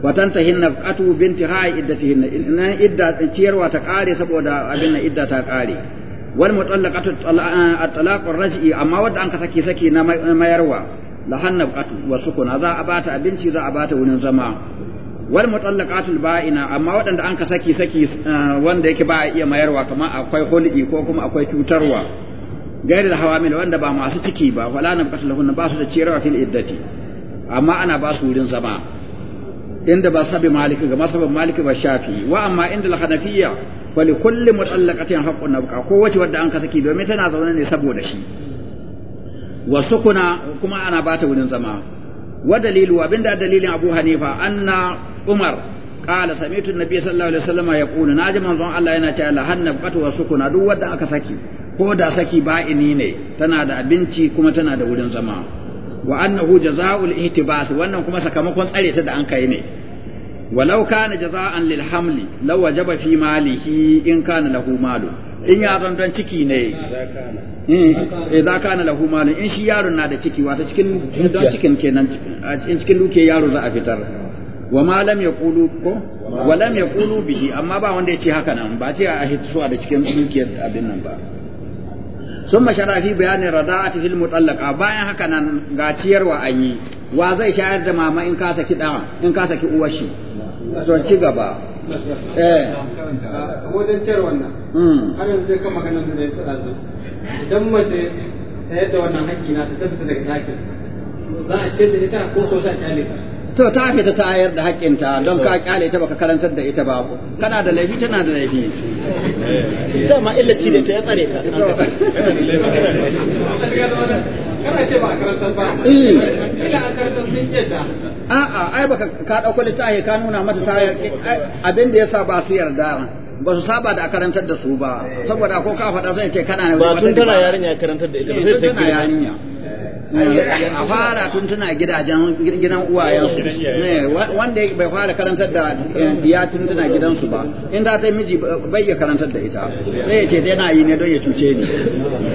Watan ta watantahin nafqatu binti ha'i iddatihin nan idda ciyarwa ta kare saboda abin nan idda ta kare wal mutallaqatu at-talaqur raj'i amma wadda an ka saki saki na mayarwa lahan nafqatu wa sukuna za a bata abinci za a bata wurin zama wal mutallaqatul ba'ina amma waɗanda an ka saki saki uh, wanda yake ba a iya mayarwa kamar akwai hulqi ko kuma akwai cutarwa gairil hawamil wanda ba masu ciki ba wala na bukatar lahunna ba su da ciyarwa fil iddati amma ana ba su wurin zama inda ba sabi maliki ga sabin maliki ba shafi wa amma inda al-hanafiyya wa li kulli mutallaqatin haqqun nabqa ko wace wanda an ka saki domin tana zaune ne saboda shi wa sukuna kuma ana ba ta wurin zama wa dalilu abinda dalilin Abu Hanifa anna Umar qala sami'tu an-nabiy sallallahu alaihi wasallam yaqulu naji manzon Allah yana cewa la lahanna fatu wa sukuna duk wanda aka saki ko da saki ba'ini ne tana da abinci kuma tana da wurin zama wa annahu jazaa'ul ihtibas wannan kuma sakamakon tsare ta da an kai ne walau kana jazaa'an lil hamli law wajaba fi malihi in kana lahu malu in ya zan don ciki ne idan eh, kana lahu malu in shi yaron na da ciki wata cikin don cikin kenan in cikin duke yaro za a fitar wa ma lam yaqulu ko wa lam yaqulu bihi amma ba wanda ya ce haka nan ba ce a hitsuwa da cikin dukiyar abin nan ba sun mashara fi bayanin rada'ati fil mutallaka bayan haka nan ga ciyarwa an yi wa zai shayar da mama in ka saki da in ka saki uwar shi to ci gaba eh wajen ciyar wannan hmm. har yanzu kan maganar da ya faɗa idan mace ta yadda wannan hakki na ta tabbata daga ɗakin za a ce da ita ko ko ta kyale ta to ta fita ta ayar da haƙƙinta don ka kyale ta baka karantar da ita babu kana da laifi tana da laifi dama illaci da ta ya tsare ta kana ce ba karantar ba eh. ila karantar sun keta a'a ai baka ka dauko littafi ka nuna mata ta abin da yasa ba su yarda ba su saba da a karantar da su ba saboda ko ka faɗa sai ce kana ba tun tana yarinya karantar da ita ba eh, sai tana yarinya a fara tun tana gidajen gidan uwayensu eh, wanda bai fara karantar da eh, ya tun tana gidansu ba in ta yi miji bai ya karantar da ita sai ya ce yana yi ne don ya cuce ni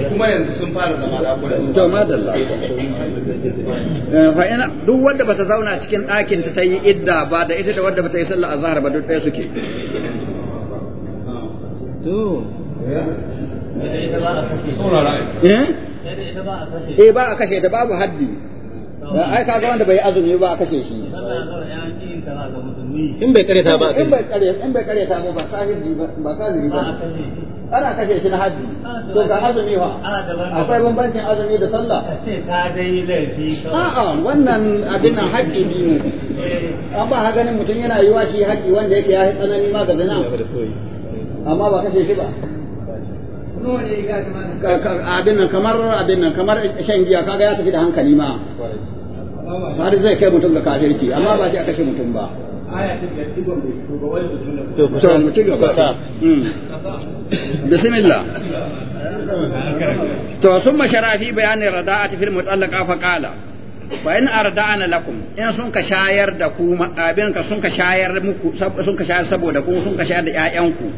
kuma yanzu sun fara zama lakunan to madalla eh, fa ina duk wanda bata zauna cikin ɗakin ta yi idda ba da ita da wanda bata yi sallah azhar ba duk ɗaya suke to eh ba a kashe ta babu haddi ai ka ga wanda bai azumi ba a kashe shi in bai kare ta ba in bai kare in bai kare ta ba sahibi ba sahibi ba ana kashe shi na haddi to ga azumi fa akwai bambancin azumi da sallah kace ta dai laifi a wannan abin nan haƙƙi biyu eh. an ba ganin mutum yana yiwa shi haƙƙi wanda yake ya tsanani ma ga zina amma ba kashe shi ba abin nan kamar abin nan kamar shan giya kaga ya tafi da hankali ma har zai kai mutum ga kafirci amma ba sai a kashe mutum ba to mu ci gaba hmm. bismillah to summa sharafi bayanin rada'ati fil mutallaqa fa qala wa in arda'ana lakum in sun ka shayar da ku abin ka sun ka shayar muku sun ka shayar saboda ku sun ka shayar da ƴaƴanku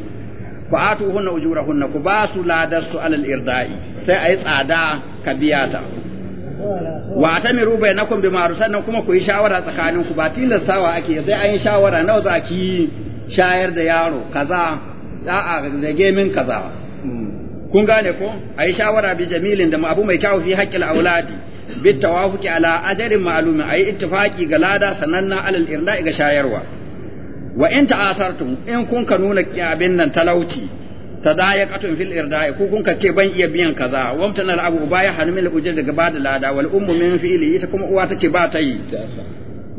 fa atuhunna ujurahunna ku basu ladarsu alal irda'i sai ayi tsada ka biya ta wa atamiru bainakum bi maru? sannan kuma ku yi shawara tsakanin ku ba tilastawa ake sai an yi shawara nawa za ki shayar da yaro kaza a zage min kaza kun gane ko ayi shawara bi jamilin da abu mai kyau fi haqqil auladi bi tawafuki ala ajrin ma'lumin ayi ittifaqi ga lada sananna alal irda'i ga shayarwa wa in ta'asartum in kun ka nuna abin nan talauci tadayaqatun fil irda'i ku kun ka ce ban iya biyan kaza wa mutana al abu baya hanmil ujur daga bada lada wal ummu min fi'li ita kuma uwa tace ba ta yi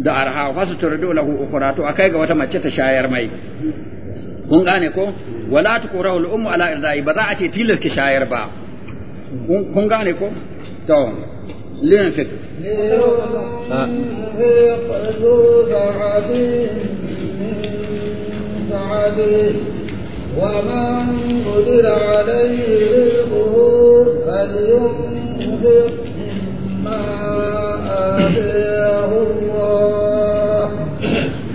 da arha fa su turdu lahu ukhra to akai ga wata mace ta shayar mai kun gane ko wala tuqrahu al ummu ala irda'i ba za a ce tilas ki shayar ba kun gane ko to lin linfik عليه ومن قدر عليه رزقه فلينفق ما آتاه الله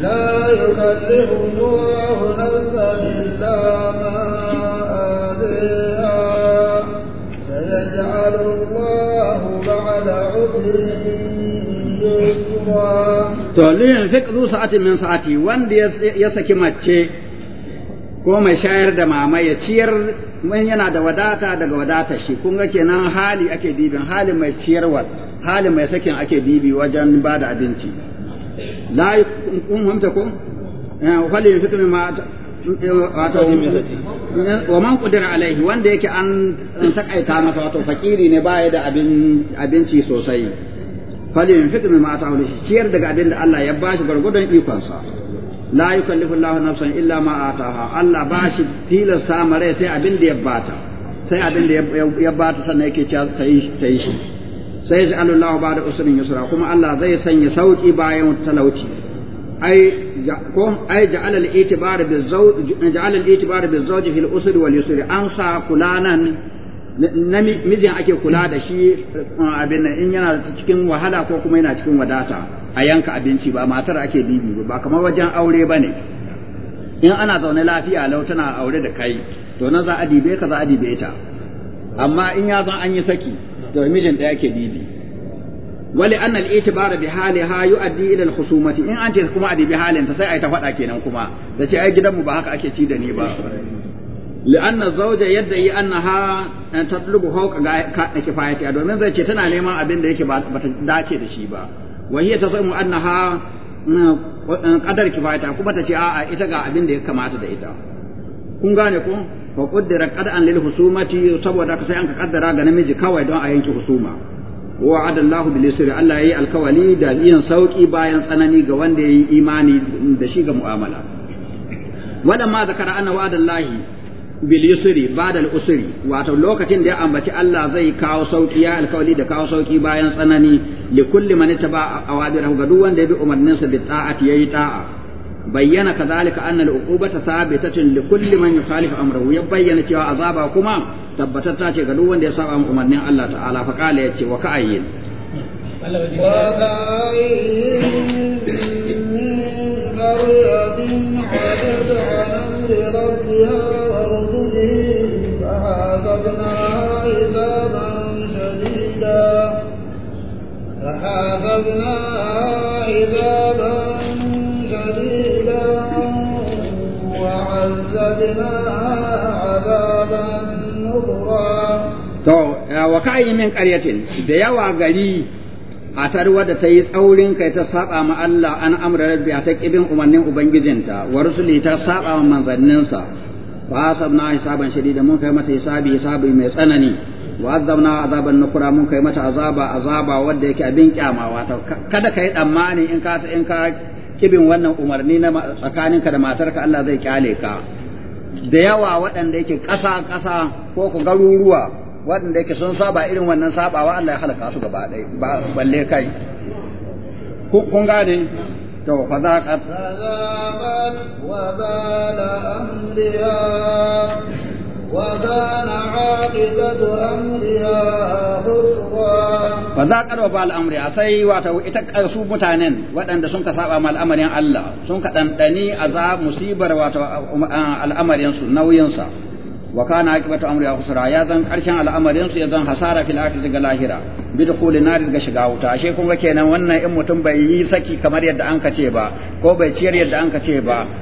لا يكلف الله نفسا إلا ما آتيها سيجعل الله بعد عسر to liyan fiq zu sa’ati min sa'ati wanda ya saki mace ko mai shayar da mama ya ciyar mun yana da wadata daga wadata shi kun ga kenan hali ake dibin hali mai ciyarwa hali mai sakin ake dibi wajen ba da abinci la kun hamta ko eh, wali fiq ma wato wa man kudira alaihi wanda yake an takaita masa wato fakiri ne baya da abin abinci sosai fali min fiqmi ma ta'ahu li ciyar daga abin da Allah ya bashi gargudun ikon sa la yukallifu Allahu nafsan illa ma ataha Allah bashi tilasta mare sai abin da ya bata sai abin da ya bata sannan yake cewa ta yi shi sai ya ja'alu Allahu ba'da usrin yusra kuma Allah zai sanya sauki bayan talauci ai ko ai ja'ala al-itibar bi zawj ja'ala al-itibar bi zawj fil usri wal yusri an sa kulanan namijin ake kula da shi uh, abin in yana cikin wahala ko kuma yana cikin wadata a yanka abinci ba matar ake dibi ba kamar wajen aure ba ne in ana zaune lafiya lau tana aure da kai to nan za a dibe ka za a dibe ta amma in ya zan an yi saki to mijin ɗaya ke dibi wali anna al-i'tibar bi haliha yu'addi ila al-khusumati in an ce kuma a dibi halin ta sai ai ta faɗa kenan kuma da ce ai gidanmu ba haka ake ci da ni ba لأن الزوجة يدعي أنها تطلب فوق كفايتها domin zai ce tana neman abin da ba ta dace da shi ba wahiya ta zama annaha qadar kifayata kuma ta ce a'a ita ga abin da ya kamata da ita kun gane ko fa qaddara qad'an lil husumati saboda ka sai an ka kaddara ga namiji kawai don a yanki husuma wa adallahu bil yusri Allah yayi alkawali da yin sauki bayan tsanani ga wanda ya yi imani da shi ga mu'amala wala ma zakara anna wa'adallahi bil yusri ba'da al usri wato lokacin da ya ambaci Allah zai kawo sauki ya alkawali da kawo sauki bayan tsanani li kulli man taba awadirahu ga duk wanda ya bi umarninsa bi ta'ati yayi ta'a bayyana kadhalika anna al uqubata thabitatun li kulli man yukhalifu amrahu ya bayyana cewa azaba kuma tabbatatta ce ga duk wanda ya saba umarnin Allah ta'ala fa qala ce wa ka'ayyin وكأين من قرية عذابا شديدا فحاسبنا عذابا شديدا وعذبنا عذابا نكرا wa ka yi min ƙaryatin, da yawa gari a tarwa da ta yi tsaurin kai ta saba ma Allah an amra rabbi ta kibin umarnin ubangijinta wa rusuli ta saba ma manzanninsa fa حسابا شديدا من mun kai حسابي hisabi hisabi mai tsanani wa azabna azaban عذابا mun kai mata azaba azaba wanda yake abin kyamawa kada ka yi in in ka kibin wannan umarni na ka da matarka Allah zai kyale ka da yawa waɗanda yake ƙasa ƙasa ko ku garuruwa waɗanda yake sun saba irin wannan sabawa Allah ya halaka su gaba ɗaya balle kai kun gane to fa wa Ba za a karɓa ba al'amuria, sai wata ita ka mutanen waɗanda sun ka saɓa ma al'amarin Allah, sun ka ɗanɗani a za mu sibar wata al'amarin su nauyinsa. Wa ka na haƙi wata amurin Ya zan ƙarshen al'amarin su ya zan hasara fila ta daga lahira. Bidda ƙuli na daga shiga wuta. Ashe kuma kenan wannan in mutum bai yi saki kamar yadda an ka ba? Ko bai ciyar yadda an ka ba?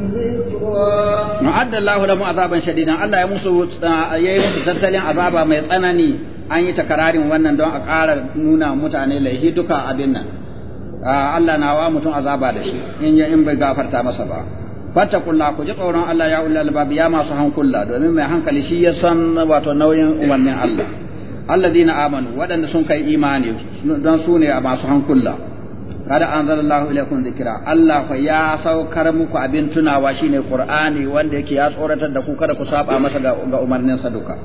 mu'adda Allahu lahum azaban shadidan Allah ya musu uh, yayi musu tattalin azaba mai tsanani an yi takararin wannan don a ƙara nuna mutane laihi duka abin nan uh, Allah na wa mutum azaba da shi in ya in bai gafarta masa ba fattakulla ku ji tsoron Allah ya ulal albab ya masu hankula domin mai hankali shi ya san wato nauyin umarnin Allah dina amanu waɗanda sun kai imani don su ne a masu hankula kada anzalallahu ilaikum dhikra Allah fa ya saukar muku abin tunawa shine Qur'ani wanda yake ya tsoratar da ku kada ku saba masa ga, ga umarnin sa duka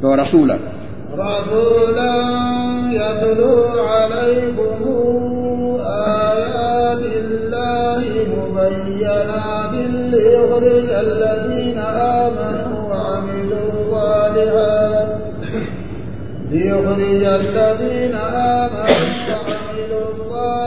to rasulan rasulan yatlu ayatillahi amanu wa salihat amanu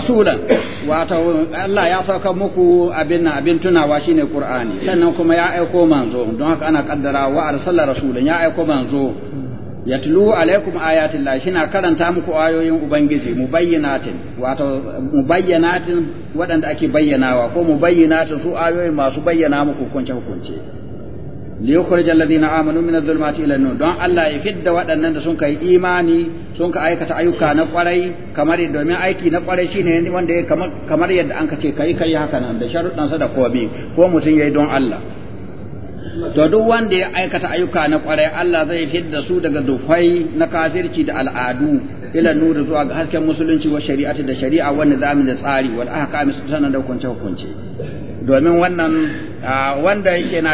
rasulan wato Allah ya sauka muku abin abin tunawa shine Qur'ani sannan kuma ya aiko manzo don haka ana kaddara wa arsala rasulan ya aiko manzo yatlu alaikum ayatillah shine karanta muku ayoyin ubangiji mubayyinatin wato mubayyinatin wadanda ake bayyanawa ko mubayyinatin su ayoyin masu bayyana muku kunce hukunce li yukhrij alladhina amanu min an-nur don Allah ya fida waɗannan da sun kai imani sun ka aikata ayyuka na kwarai kamar domin aiki na kwarai shine wanda ya kamar yadda an kace kai kai haka hakanan da sharuɗan da kobi ko mutum yayi don Allah to duk wanda ya aikata ayyuka na kwarai Allah zai fidda su daga dufai na kafirci da al'adu ila nur zuwa ga hasken musulunci wa shari'ati da shari'a wannan zamin da tsari wal ahkam sanan da hukunce hukunce domin wannan Ah, wanda yake na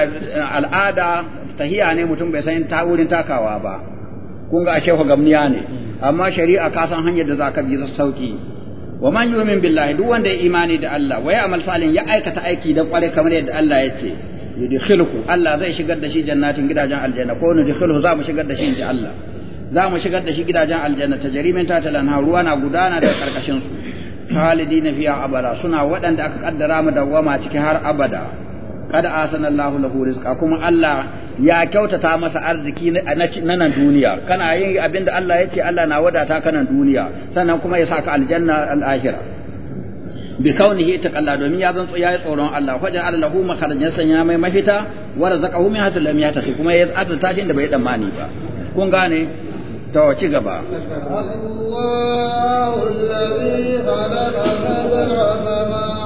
al'ada tahiya ne mutum bai san ta wurin takawa ba kun ga ashe gamniya ne amma shari'a ka san hanyar da za ka bi su sauki wa man yu'min billahi duk wanda ya imani da Allah wa ya'mal salihin ya aikata aiki da kware kamar yadda Allah ya ce yudkhiluhu Allah zai shigar da shi jannatin gidajen aljanna ko yudkhilhu za mu shigar da shi inji Allah za mu shigar da shi gidajen aljanna ta jarimin ta talan ruwa na gudana da karkashin su khalidina fiha abada suna waɗanda aka kaddara mu dawwama ciki har abada kada asana Allahu lahu rizqa kuma Allah ya kyautata masa arziki na nan duniya kana yin abin da Allah ya ce Allah na wadata ka nan duniya sannan kuma ya saka aljanna al-akhirah bi kaunihi taqalla domin ya zan ya tsoron Allah wajen allahu makharajan sanya mai mafita wa razaqahu min hatta lam yatasi kuma ya azurta shi da bai tsammani ba kun gane to ci gaba Allahu alladhi khalaqa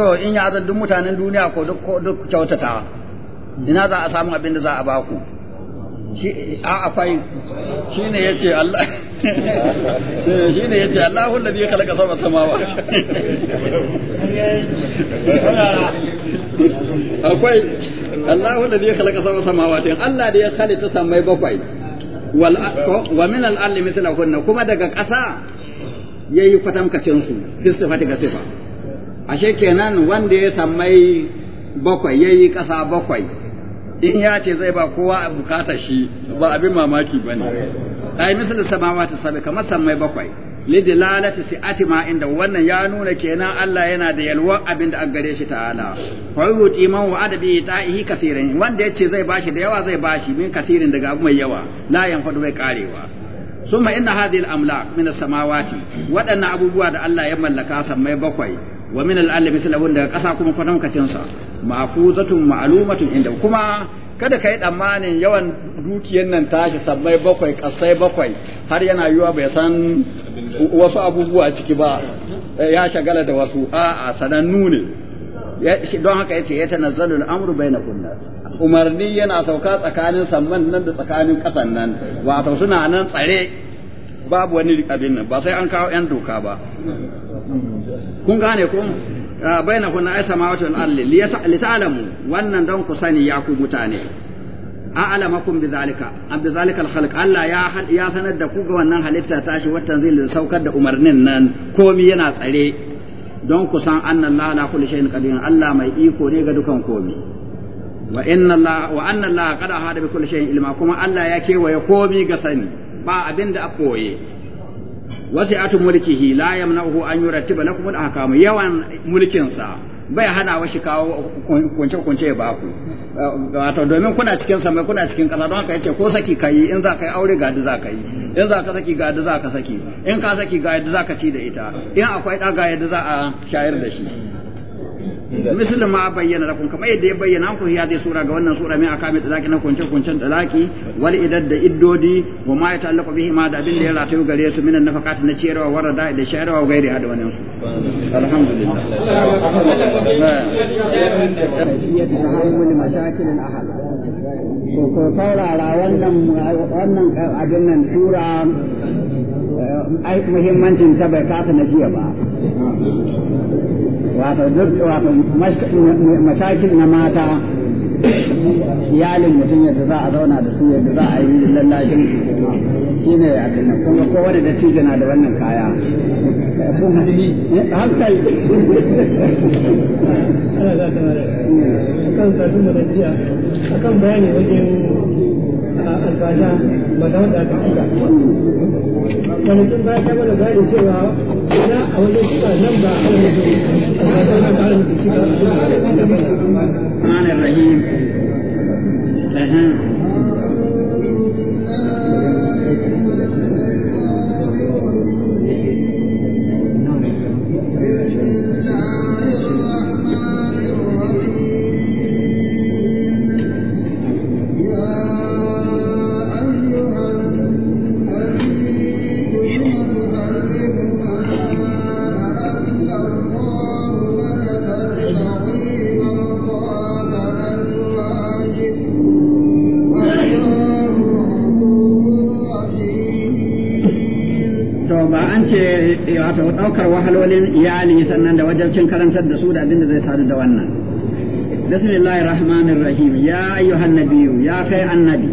to in ya azar duk mutanen duniya ko duk kyautata ina za a samu abin da za a baku shi a akwai ya ce Allah *laughs* shine yace Allahu alladhi khalaqa sab'a samawati akwai Allahu sama sama sab'a samawati Allah da ya ta samai bakwai wa min al-ardi mithluhunna kuma daga ƙasa ya yi kwatankacinsu fi sifati ga sifa ashe kenan wanda ya sammai bakwai ya yi ƙasa bakwai in ya ce zai ba kowa a bukata shi ba abin mamaki ba ne yi misali samawati sami kamar sammai bakwai lidilalati si'ati ma inda wannan ya nuna kenan Allah yana da yalwa abin da an gare shi ta'ala fa yuti man wa adabi ta'ihi kafirin wanda yace zai bashi da yawa zai bashi min kafirin daga abu mai yawa la yanfadu bai karewa summa inna hadhihi al-amlak min as-samawati wadanna abubuwa da Allah ya mallaka sammai bakwai wa min al-alli abun daga ƙasa kuma kacin sa mafuzatun ma'lumatun inda kuma kada ka yi tsammanin yawan dukiyar nan tashi sammai bakwai kasai bakwai har yana yiwa bai san wasu abubuwa ciki ba eh, ya shagala da wasu a'a sanannu ne don haka yace ya tanazzalu al-amru bainakum nas umarni yana sauka tsakanin samman nan da tsakanin kasan nan wato suna nan tsare babu wani abin nan ba sai an kawo yan doka ba kun gane kun? Ah, baina hunna ay samawati wal alli li ta'lamu wannan don ku sani ya ku mutane a'lamakum bidhalika am zalika al khalq Allah ya ya sanar da ku ga wannan halitta ta shi watan zai saukar da umarnin nan komi yana tsare don ku san anna Allah ala kulli shay'in qadir Allah mai iko ne ga dukan komi wa inna Allah wa anna Allah qad ahada bi kulli shay'in ilma kuma Allah ya kewaye komi ga sani ba abinda a koye wasi'atu mulkihi la yamna'uhu an yurattiba lakum al-ahkam yawan mulkin sa bai hana wa shi kawo kunce kunce ya baku wato domin kuna cikin mai kuna cikin kasa don haka yace ko saki kai in za ka yi aure gadi za ka yi in za ka saki gadi za ka saki in ka saki gadi za ka ci da ita in akwai ɗaga yadda za a shayar da shi misal ma bayyana lakum kamar yadda ya bayyana ku ya dai sura ga wannan sura mai akami talaki na kunce kuncen talaki wal idad da iddodi wa ma yata'allaqu bihi ma da abin da ya ratayu gare su minan nafakat su alhamdulillah ko saurara wannan wannan abin nan sura eh, ai muhimmancin ta bai kasa na jiya ba wato duk wato mashakil na mata iyalin mutum yadda za a zauna da su yadda za a yi lallashin shi ne a kan kuma kowane da tije na da wannan kaya eh, hankali kan sadu da jiya akan bayani wajen alfasha mata wanda aka cika kwanakin baya ta mana bayani cewa na a wajen cika nan ba a wani alfasha na ƙara da cika a matsalolin iyali sannan da wajabcin karantar da su da abin da zai sadu da wannan bismillahir rahmanir rahim ya ayyuhan nabiyyu ya kai annabi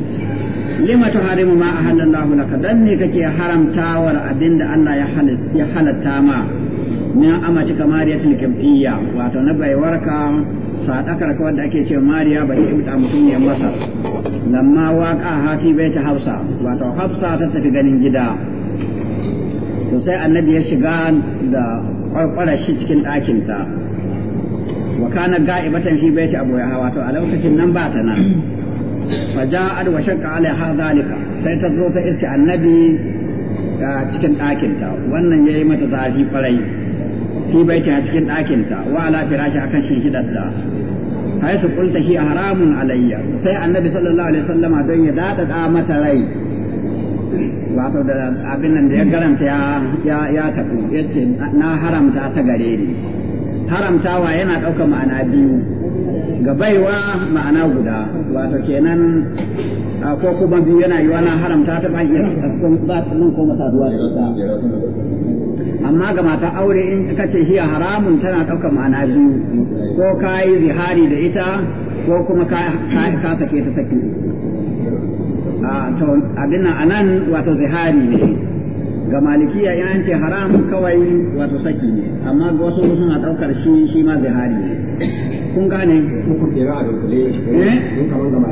lima harimu ma ahallallahu laka dan ne kake haramtawar abinda da Allah ya halatta ma min Mariya kamariyatul kibtiyya wato na baiwarka sadakar ka wanda ake ce mariya bai ibta mutum ne masar lamma waqa hafi baita hafsa wato hafsa ta tafi ganin gida sai annabi ya shiga da kwarkwara shi cikin ɗakin ta wa kana ga'ibatan fi baiti abu hawa to a lokacin nan ba ta nan fa ja'at wa shaqqa alaiha zalika sai ta zo ta iske annabi cikin ɗakin ta wannan yayi mata zafi kwarai fi baiti a cikin ɗakin ta wa ala firashi akan shinhidarta haisu qulta hi haramun alayya sai annabi sallallahu alaihi wasallama don ya dada mata rai wato da abin nan da ya garanta ya ya tafi yace na haramta ta gare ni haramtawa yana ɗauka ma'ana biyu ga baiwa ma'ana guda wato kenan ko kuma biyu yana yiwa na haramta ta ba iya ba nan ko saduwa da ita amma ga mata aure in ka ce hiya haramun tana ɗauka ma'ana biyu ko ka yi zihari da ita ko kuma ka sake ta saki a ah, to abin nan anan wato zihari ne ga malikiya in an ce haram kawai wato saki ne amma ga wasu suna daukar shi shi ma zihari ne kun gane kira eh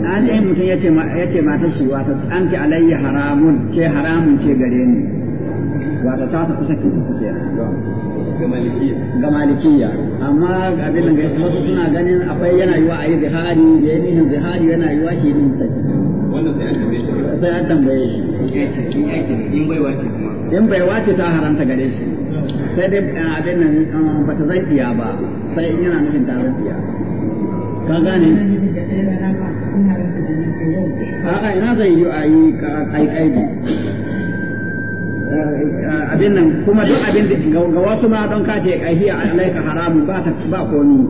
an yi mutum yace yace matar shi wato an ce alayya haramun ke haramun ce gare ni wato ta saku saki ku ke ga malikiya ga amma abin nan ga wasu suna ganin akwai yana yiwa a yi zihari yayin zihari yana yiwa shi ne saki sai an tambaye shi in baiwa ce kuma in baiwa ce ta haramta gare shi sai dai eh, abin nan eh, ba ta zan iya ba sai in yana nufin ta zan iya ka gane a'a ina zai yi a yi kai kai Eh, abin nan kuma duk abin da ga wasu ma don kace ahiya alaika haramun ba ta ba komi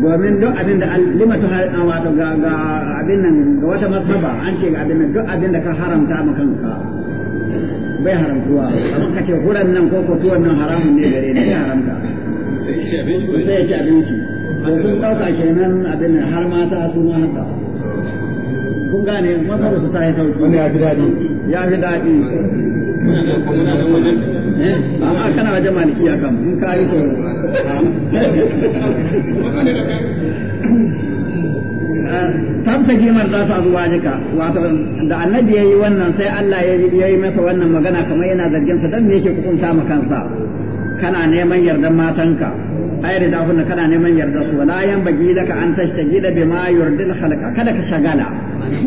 domin duk abin da lima ta haram ah, wato ga ga abin nan ga wata masaba an ce ga abin nan duk abin da ka haramta ma kanka bai haramtuwa amma kace huran nan ko ko tuwan nan haramun ne gare ni haramta sai ya ci abinci sai sun dauka kenan abin nan har mata su ma haka kun gane masabar su ta yi sauki wani ya fi daɗi ya fi daɗi eh, amma kana wajen malikiya kam in ka to ah. ah, tabtaji man za su azwajika wato da annabi ya yi wannan sai Allah ya yi masa wannan magana kamar yana zargin sa dan me yake kukunta ma kansa kana neman yardan matanka ai da dafuna kana neman yardar su wala yan bagi daga an tashtaji da bima yurdil khalqa kada ka shagala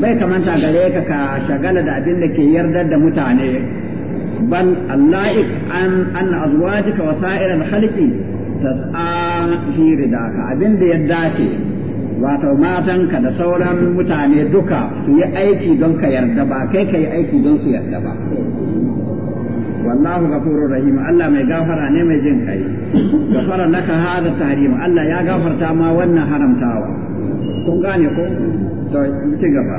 bai kamanta gare ka ka shagala da abin da ke yardar da mutane bal allaik an an azwajika wa sa'iral khalqi tas'a fi ridaka abin da ya dace wato matanka da sauran mutane duka su yi aiki don ka yarda ba kai ka yi aiki don su yarda ba wallahu ghafurur rahim Allah mai gafara ne mai jin kai gafara laka hada tahrim Allah ya gafarta ma wannan haramtawa kun gane ko to ci gaba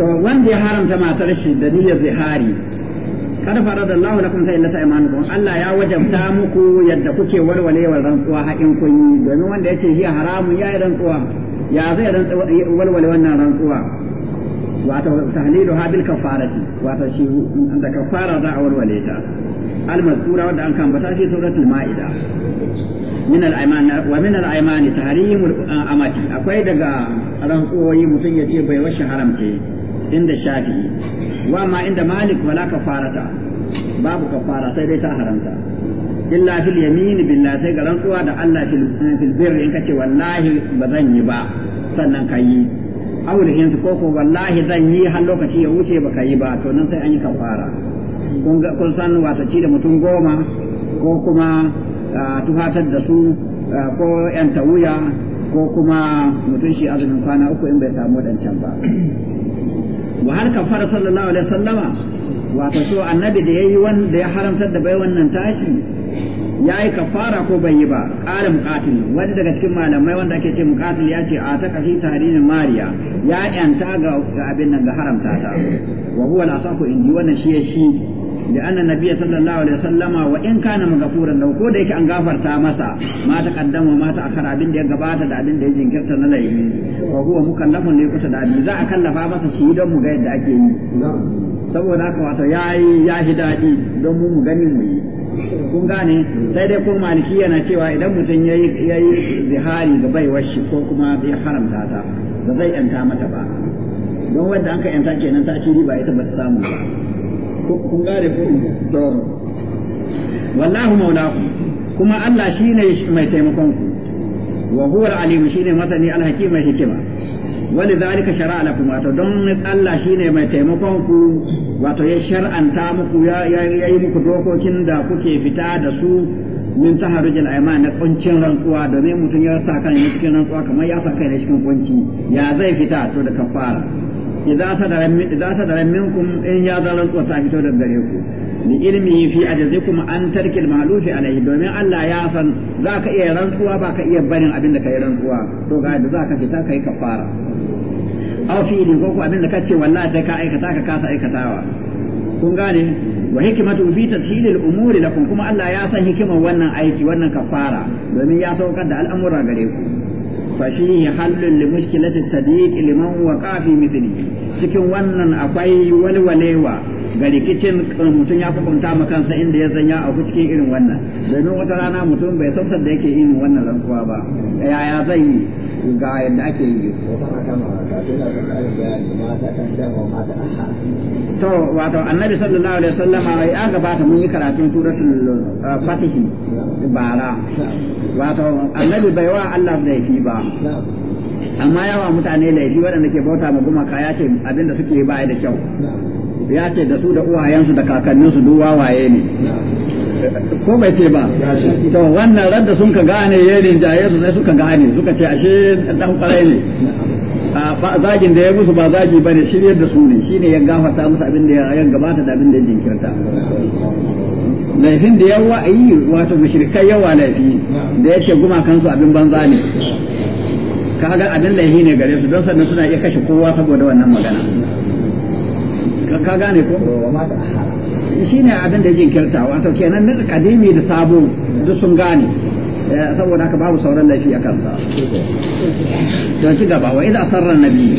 to wanda ya haramta matar shi da niyyar zihari kad farada Allah lakum sai illata imanukum Allah ya wajabta muku yadda kuke walwalewar rantsuwa ha in kun yi domin wanda yace shi haramun ya yi rantsuwa ya zai rantsuwa walwale wannan rantsuwa wato tahlilu hadil kafarati wato shi da kafara za a walwale ta al-mazkura wanda an kambata shi suratul ma'ida min al-ayman wa min al-ayman tahrimul amati akwai daga rantsuwoyi mutum yace bai washe haramce inda shafi'i wa ma inda malik wala kafarata babu kafara sai dai ta haramta illa fil yamin billa sai ga rantsuwa da Allah fil eh, birri in kace wallahi ba zan yi ba sannan ka yi aure ko ko wallahi zan yi har lokaci ya wuce ba ka yi ba to nan sai an yi kafara kun ga kun san wata ci da mutum goma ko kuma ah, tufatar da su ah, ko yan tawuya ko kuma mutum shi azumin kwana uku in bai samu wadancan ba wa hal kafara sallallahu alaihi wasallama wato so annabi da yayi wanda ya haramtar da bai wannan tashi yayi kafara ko bai yi ba qala qatil wani daga cikin malamai wanda ake ce muqatil ya ce a taka fi tarihin mariya ya yanta ga abin nan ga haramta ta wa huwa al-asafu in ji wannan shi shi لأن النبي صلى الله عليه وسلم وإن كان مغفورا لو كود يك أن غفر تامسا ما تقدم وما تأخر أبين دي غباتا دا أبين دي جنكرتا da وهو مكلف ليكوتا دا أبين إذا أكلف mu ga yadda ake yi saboda haka wato ya yi ya shi daɗi don mu mu gani mu yi kun gane sai dai ko maliki yana cewa idan mutum ya yi zihari ga bai shi ko kuma ya haramta ta ba zai yanta mata ba don wanda an ka yanta kenan ta ci riba ita ba ta samu ba kun gane wallahu maulaku kuma Allah shine mai taimakon ku wa huwa alim shine masani alhaki mai hikima wani zalika shara'a lakum wato don Allah shine mai taimakon ku wato ya shar'anta muku ya yi muku dokokin da kuke fita da su min taharujil aiman na kuncin rantsuwa domin mutum ya sa kan cikin rantsuwa kamar ya sa kai cikin kunci ya zai fita to da kafara idza sadara min minkum in ya zaran ku ta fito daga gare ku li ilmihi fi ajazikum an tarkil ma'luf alayhi domin Allah ya san za ka iya rantsuwa ba ka iya barin abin da ka yi rantsuwa to ga da za ka fita kai kafara aw fi ko ko abin da ka ce wallahi sai ka aikata ka kasa aikatawa kun gane wa hikimatu fi tashilil umuri lakum kuma Allah ya san hikimar wannan aiki wannan kafara domin ya saukar da al'amura gare ku ففيه حل لمشكلة التدقيق لمن وقع في مثله cikin wannan akwai walwalewa ga rikicin mutum ya hukunta ma kansa inda ya zanya a cikin irin wannan domin wata rana mutum bai san da yake irin wannan rantsuwa ba yaya zai yi ga yadda ake yi to wato annabi sallallahu alaihi wasallam ya gabata mun yi karatun suratul uh, fatih bara wato annabi bai wa Allah laifi ba amma yawa mutane laifi waɗanda ke bauta ma gumaka ya ce abinda suke baya da kyau ya ce da su da uwayensu da kakanninsu duk wawaye ne ko bai ce ba to wannan radda sun ka gane yayin jaye su sai suka gane suka ce ashe dan kwarai ne a zagin da ya musu ba zagi bane shiryar da su ne shine ya gafarta musu abin da ya gabata da abin da ya jinkirta laifin da yawa yi wato mushrikai yawa laifi da yake gumakansu abin banza ne kaga abin laifi ne gare su don sannan suna iya kashe kowa saboda wannan magana ka gane ko shine abin da jinkirta wato kenan na kadimi da sabo duk sun gane eh, saboda haka babu sauran laifi a kansa to ci gaba wa idan sarra nabi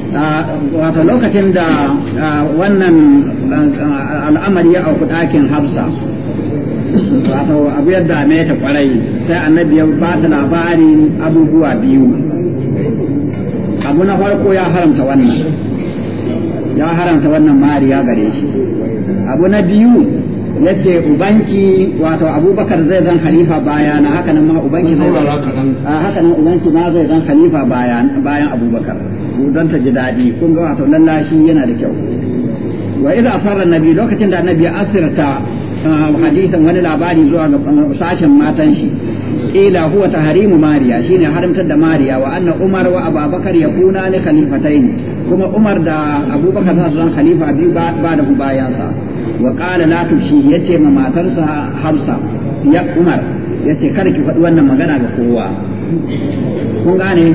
Ah, wato lokacin da ah, wannan ah, al'amari ya auku ɗakin hafsa wato abu yadda me ta kwarai sai annabi ya ba ta labarin abubuwa biyu abu na farko ya haramta wannan ya haramta wannan mari ya gare shi abu na biyu ya ce ubanki wato abubakar zai zan khalifa baya na hakanan ma ubanki zai zan halifa ubanki ma zai zan khalifa bayan abubakar don ta ji daɗi kun ga wato lallashi yana da kyau wa idan asarar nabi lokacin da nabi asirta ah, hadisan wani labari zuwa ga ah, sashen matan shi ila huwa tahrimu mariya shine haramtar da mariya wa anna umar wa abubakar yakuna li khalifatayn kuma umar da abubakar za su zama khalifa biyu ba da bayansa wa qala la tushi yace ma matarsa hamsa ya umar yace kar ki faɗi wannan magana ga kowa kun gane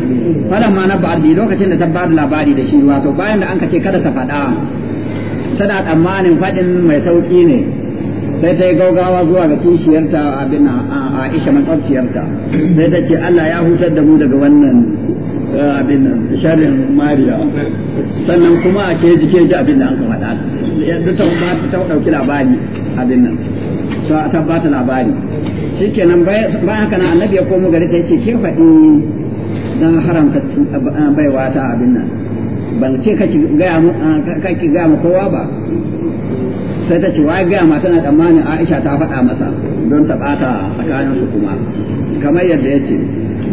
falan ma na ba'ad lokacin da ta ba da labari da shi wato bayan da an ka ce kada ta faɗa tana tsammanin faɗin mai sauƙi ne sai ta yi gaugawa zuwa ga kishiyarta abin a aisha makwabciyarta sai ta ce Allah ya hutar da mu daga wannan abin sharrin mariya sannan kuma a ke jike ji abin da an ka faɗa yadda ta ɗauki labari abin nan ta tabbata labari shikenan bayan haka nan annabi ya komo gari ta ce ke faɗi don haramta baiwa ta abin nan ban ce kake gaya ma kowa ba sai ta ce wa gaya ma tana tsammanin aisha ta faɗa masa don ta ɓata tsakaninsu kuma kamar yadda ya ce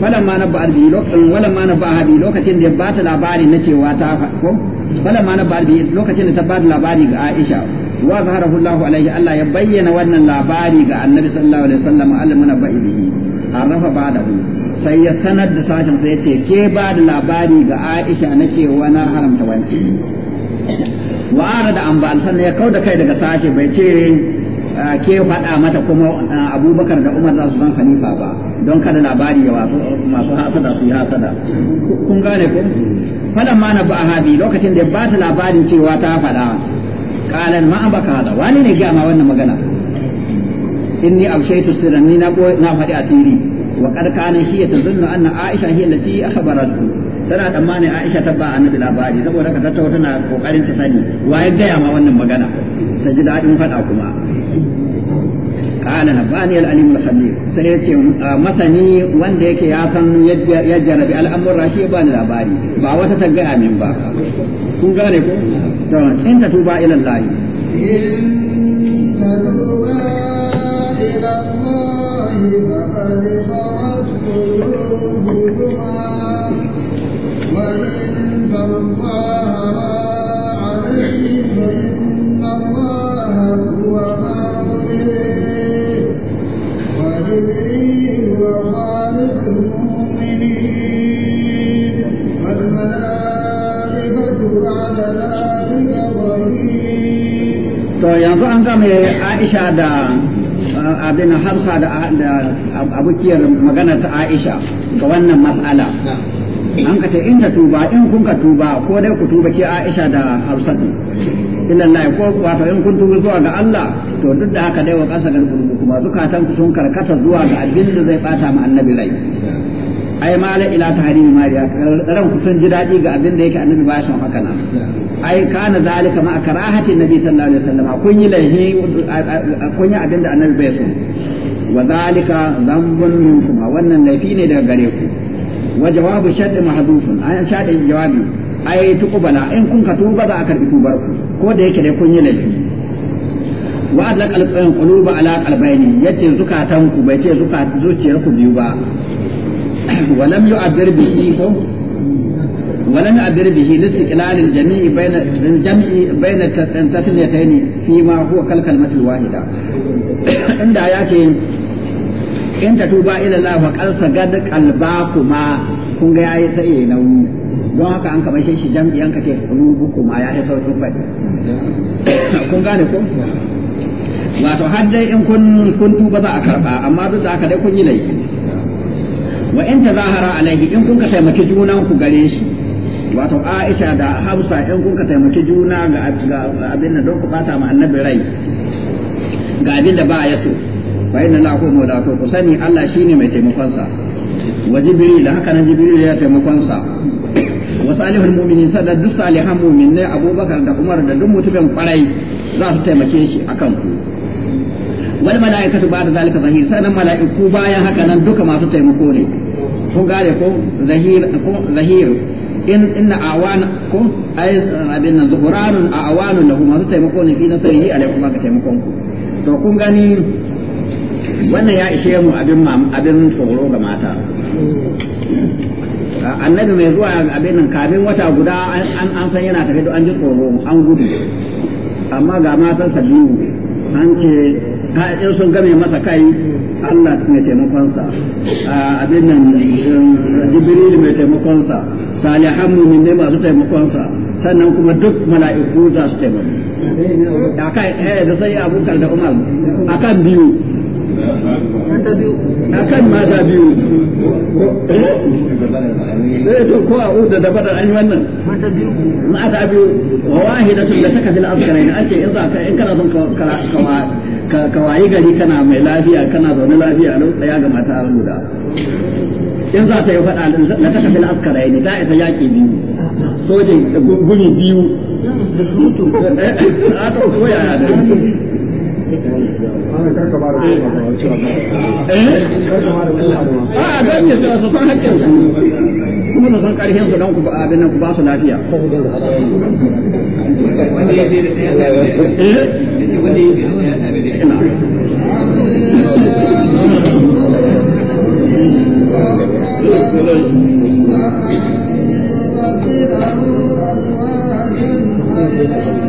falan ma na ba arbi lokacin walan ma na ba habi lokacin da ya bata labari na cewa ta ko falan ma na ba arbi lokacin da ta ba labari ga aisha wa zaharahu Allah alaihi Allah ya bayyana wannan labari ga annabi sallallahu alaihi wasallam al munabbi bihi arrafa da sai ya sanar da sashen sai ya ce ke ba da labari ga Aisha na cewa na haramta wance wa'ara da an ya kau da kai daga sashe bai ce ke faɗa mata kuma abubakar da umar za su zan khalifa ba don kada labari ya wato masu hasada su yi hasada kun gane ku fadan ma na ba habi lokacin da ya bata labarin cewa ta faɗa qalan ma baka hada wani ne gama wannan magana inni abshaytu sirran ni na faɗi asiri وقد كان هي تظن أن عائشة هي التي أخبرته tana tsammanin Aisha ta ba annabi labari saboda ka tattauna tana kokarin ta sani wa ya gaya ma wannan magana ta ji daɗin faɗa kuma قال نباني العليم الخبير سيأتي مثني وان ديك ياسن يجرب الأمر راشي بان لاباري با وتتقع من با كن غانيكو إن تتوبا إلى الله إن تتوبا إلى الله فقد to yanzu an game Aisha da abin hamsa da abukiyar magana ta Aisha ga wannan mas'ala an ka ta in tuba in kun ka tuba ko dai ku tuba ke Aisha da Hafsatu illallah ko wato in kun tuba zuwa ga Allah to duk da haka dai wa kasa garbu kuma zukatan sun karkata zuwa ga abin da zai bata ma annabi rai ai mala ila hadin mariya ran ku sun ji dadi ga abin da yake annabi ba son haka nan ai kana zalika ma karahatin nabi sallallahu alaihi wasallam kun yi lahi kun yi abin da annabi bai so wa zalika dhanbun minkum wannan laifi ne daga gare ku wa jawabu shadd mahdufun ai shadi jawabi ai tuqbala in kun ka tuba za a karbi tubar ku ko da yake dai kun yi laifi wa adlaq alquluba ala qalbayni yace zukatanku bai ce zuciyarku biyu ba ولم يعبر به ولم يعبر به لاستقلال الجميع بين الجمع بين التثنيتين فيما هو كالكلمة الواحدة عند آياته in ta tuba ila Allah fa qad sagad qalbakuma kun ga yayi sai nauyi don haka an kamar shi an ka ce qulubukuma ya yi sautin fadi *coughs* kun gane ko wato har dai in kun kun tuba za a karba amma duk da haka dai kun yi laifi wa in tazahara alaihi in kun ka taimaki junan ku gare shi wato Aisha da Hafsa in kun ka taimaki juna ga abin da don ku fata ma annabi rai ga abin da ba ya so fa inna la ku mawla to ku sani Allah shine mai taimakon sa wa Jibril haka nan Jibril ya taimakon sa wa salihul mu'minin sada duk salihan mu'minai Abubakar da Umar da duk mutumin kwarai za su taimake shi akan ku wal mala'ikatu ba'da zalika zahir sanan mala'iku bayan haka nan duka masu taimako ne kun gane ko zahir ko zahir in inna awan ko ai abin nan zuhuranun awanun kuma su taimako ne fi alai kuma ka taimakon ku to kun gani wannan ya ishe mu abin abin tsoro ga mata annabi mai zuwa abin nan kafin wata guda an an san yana tafi an ji tsoro an gudu amma ga matan sabiyu an ce in sun game masa kai Allah mai taimakonsa abin nan um, jibril mai taimakonsa salihan mumin masu taimakonsa sannan kuma duk mala'iku za su taimako akan eh da sai abubakar da umar akan biyu akan mata biyu zai to ko a uda da badar an yi wannan mata biyu wa wahidatun da saka fil askarai ake in za ka in kana son ka wayi gari kana mai lafiya kana zaune lafiya a ya ga mata guda in za ta yi faɗa da saka fil askarai ne ta isa yaƙi biyu sojin gumi biyu eh, eh, a to koya da Eh? Ah, a gani ya su san hakkin su kuma su san su don ku abin nan ku ba su lafiya Thank eh? you. Eh?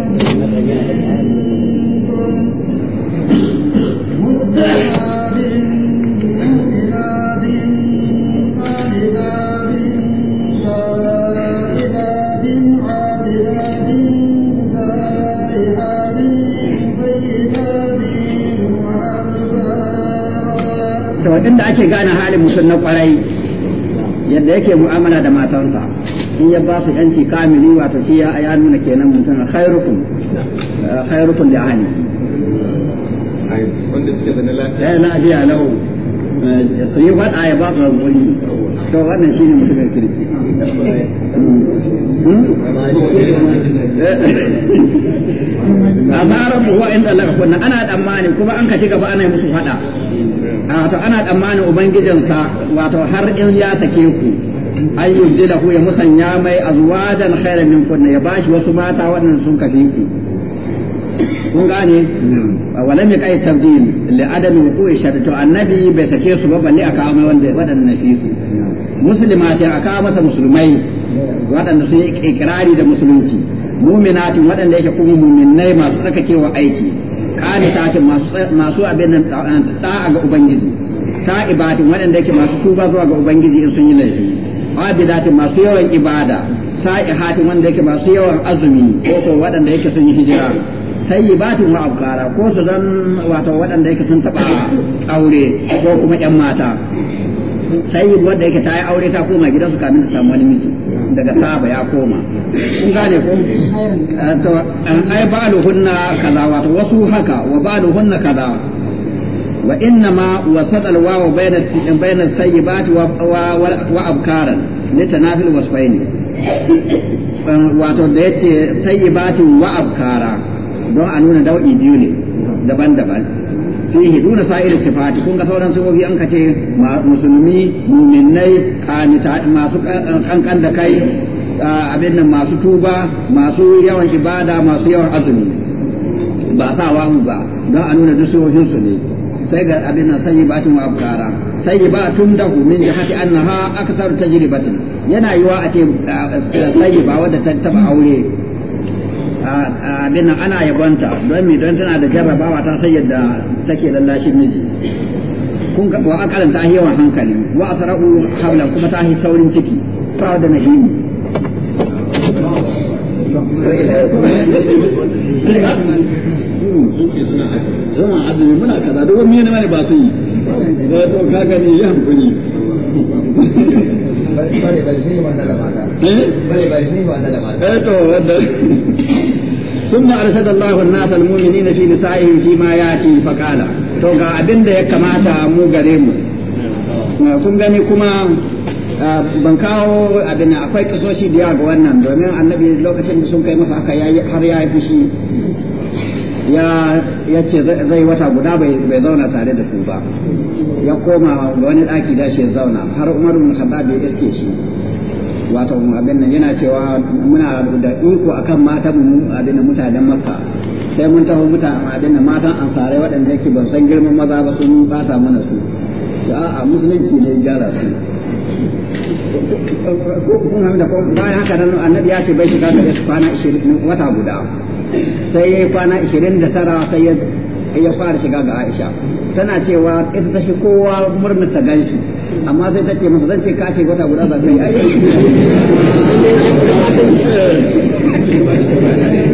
mutum na kwarai yadda yake mu'amala da matansa in ya ba su yanci kamili wato shi ya nuna kenan mutum khairukum khairukum li ahli wanda suke da lafiya eh, lafiya lau eh, su yi ya ba su to wannan shi ne kirki hmm? Hmm? *laughs* a zarar buwa inda Allah kunna ana tsammani kuma an ka ci gaba ana musu faɗa A wato ana tsammanin ubangijinsa wato har in ya sake ku an yi da ya musanya mai azwajan khairan min kunna ya bashi wasu mata waɗanda sun kafi ku kun gane walam ya kai tabdil li adami wuqu'i shar to annabi bai sake su ba balle aka mai wanda waɗanda nafi su a aka masa musulmai waɗanda sun yi ikrari da musulunci mu'minati waɗanda yake kuma mu'minnai masu tsakakewa aiki ta ce masu abin nan a ga ubangiji ibadin waɗanda yake masu tuba zuwa ga ubangiji in sun yi laifi abidatin masu yawan ibada sa'ihatin wanda yake masu yawan azumi ko ko waɗanda yake sun yi hijira yi wa abkara ko su zan wato waɗanda yake sun taɓa aure ko kuma ƴan mata yi wanda yake ta yi aure ta koma gidansu kamin ta samu wani miji daga saba ya koma kun gane ko to ai ba'du hunna kaza wato wasu haka wa ba'du hunna kaza wa inna ma wasat al bayna bayna wa wa abkaran litanafil wasfaini wato da yace sayyibatin wa abkara don a nuna dau'i biyu ne daban-daban fihi duna sa'ir sifati kun ga sauran sifofi an kace musulmi mu'minai qanita masu eh, kankan da kai abin nan masu tuba masu yawan ibada masu yawan azumi ba sa wa mu ba don a nuna duk sifofin su ne sai ga abin nan sai batun wa abkara sai tun da min jihati annaha akthar tajribatin yana yiwa a ce sai ba wanda ta taba aure abin nan ana yabonta don mi don tana da jarrabawa ta sai yadda take lallashi miji kun ga wa akalan ta yawan hankali wa asra'u hablan kuma ta hi saurin ciki ta da nahimi zama azumi muna kaza da wani yana ba su yi da to kaga ne ya hankuni bari bari shi wanda da mata eh bari bari shi wanda da mata eh to wanda ثم أرشد الله الناس المؤمنين في نسائهم فيما يأتي فقال to ga abin da ya kamata mu gare mu kun gani kuma ban kawo abin akwai kisoshi da yawa ga wannan domin annabi lokacin da sun kai masa aka yayi har ya yi fushi ya ya ce zai wata guda bai zauna tare da su ba ya koma wani daki da shi ya zauna har umar bin khattab ya iske shi wato abin nan yana cewa muna da iko akan mata mu abin nan mutanen makka sai mun taho mutanen abin nan matan ansarai waɗanda yake ban san girman maza ba sun bata mana su a'a musulunci ne gyara su kun da kuma bayan haka nan annabi ya ce bai shiga da su kwana 20 wata guda sai yayi kwana 29 sai ya fara shiga ga Aisha tana cewa ita ta shi kowa murna ta ganshi amma sai ta ce masa zan ce ka ce wata guda za ka ai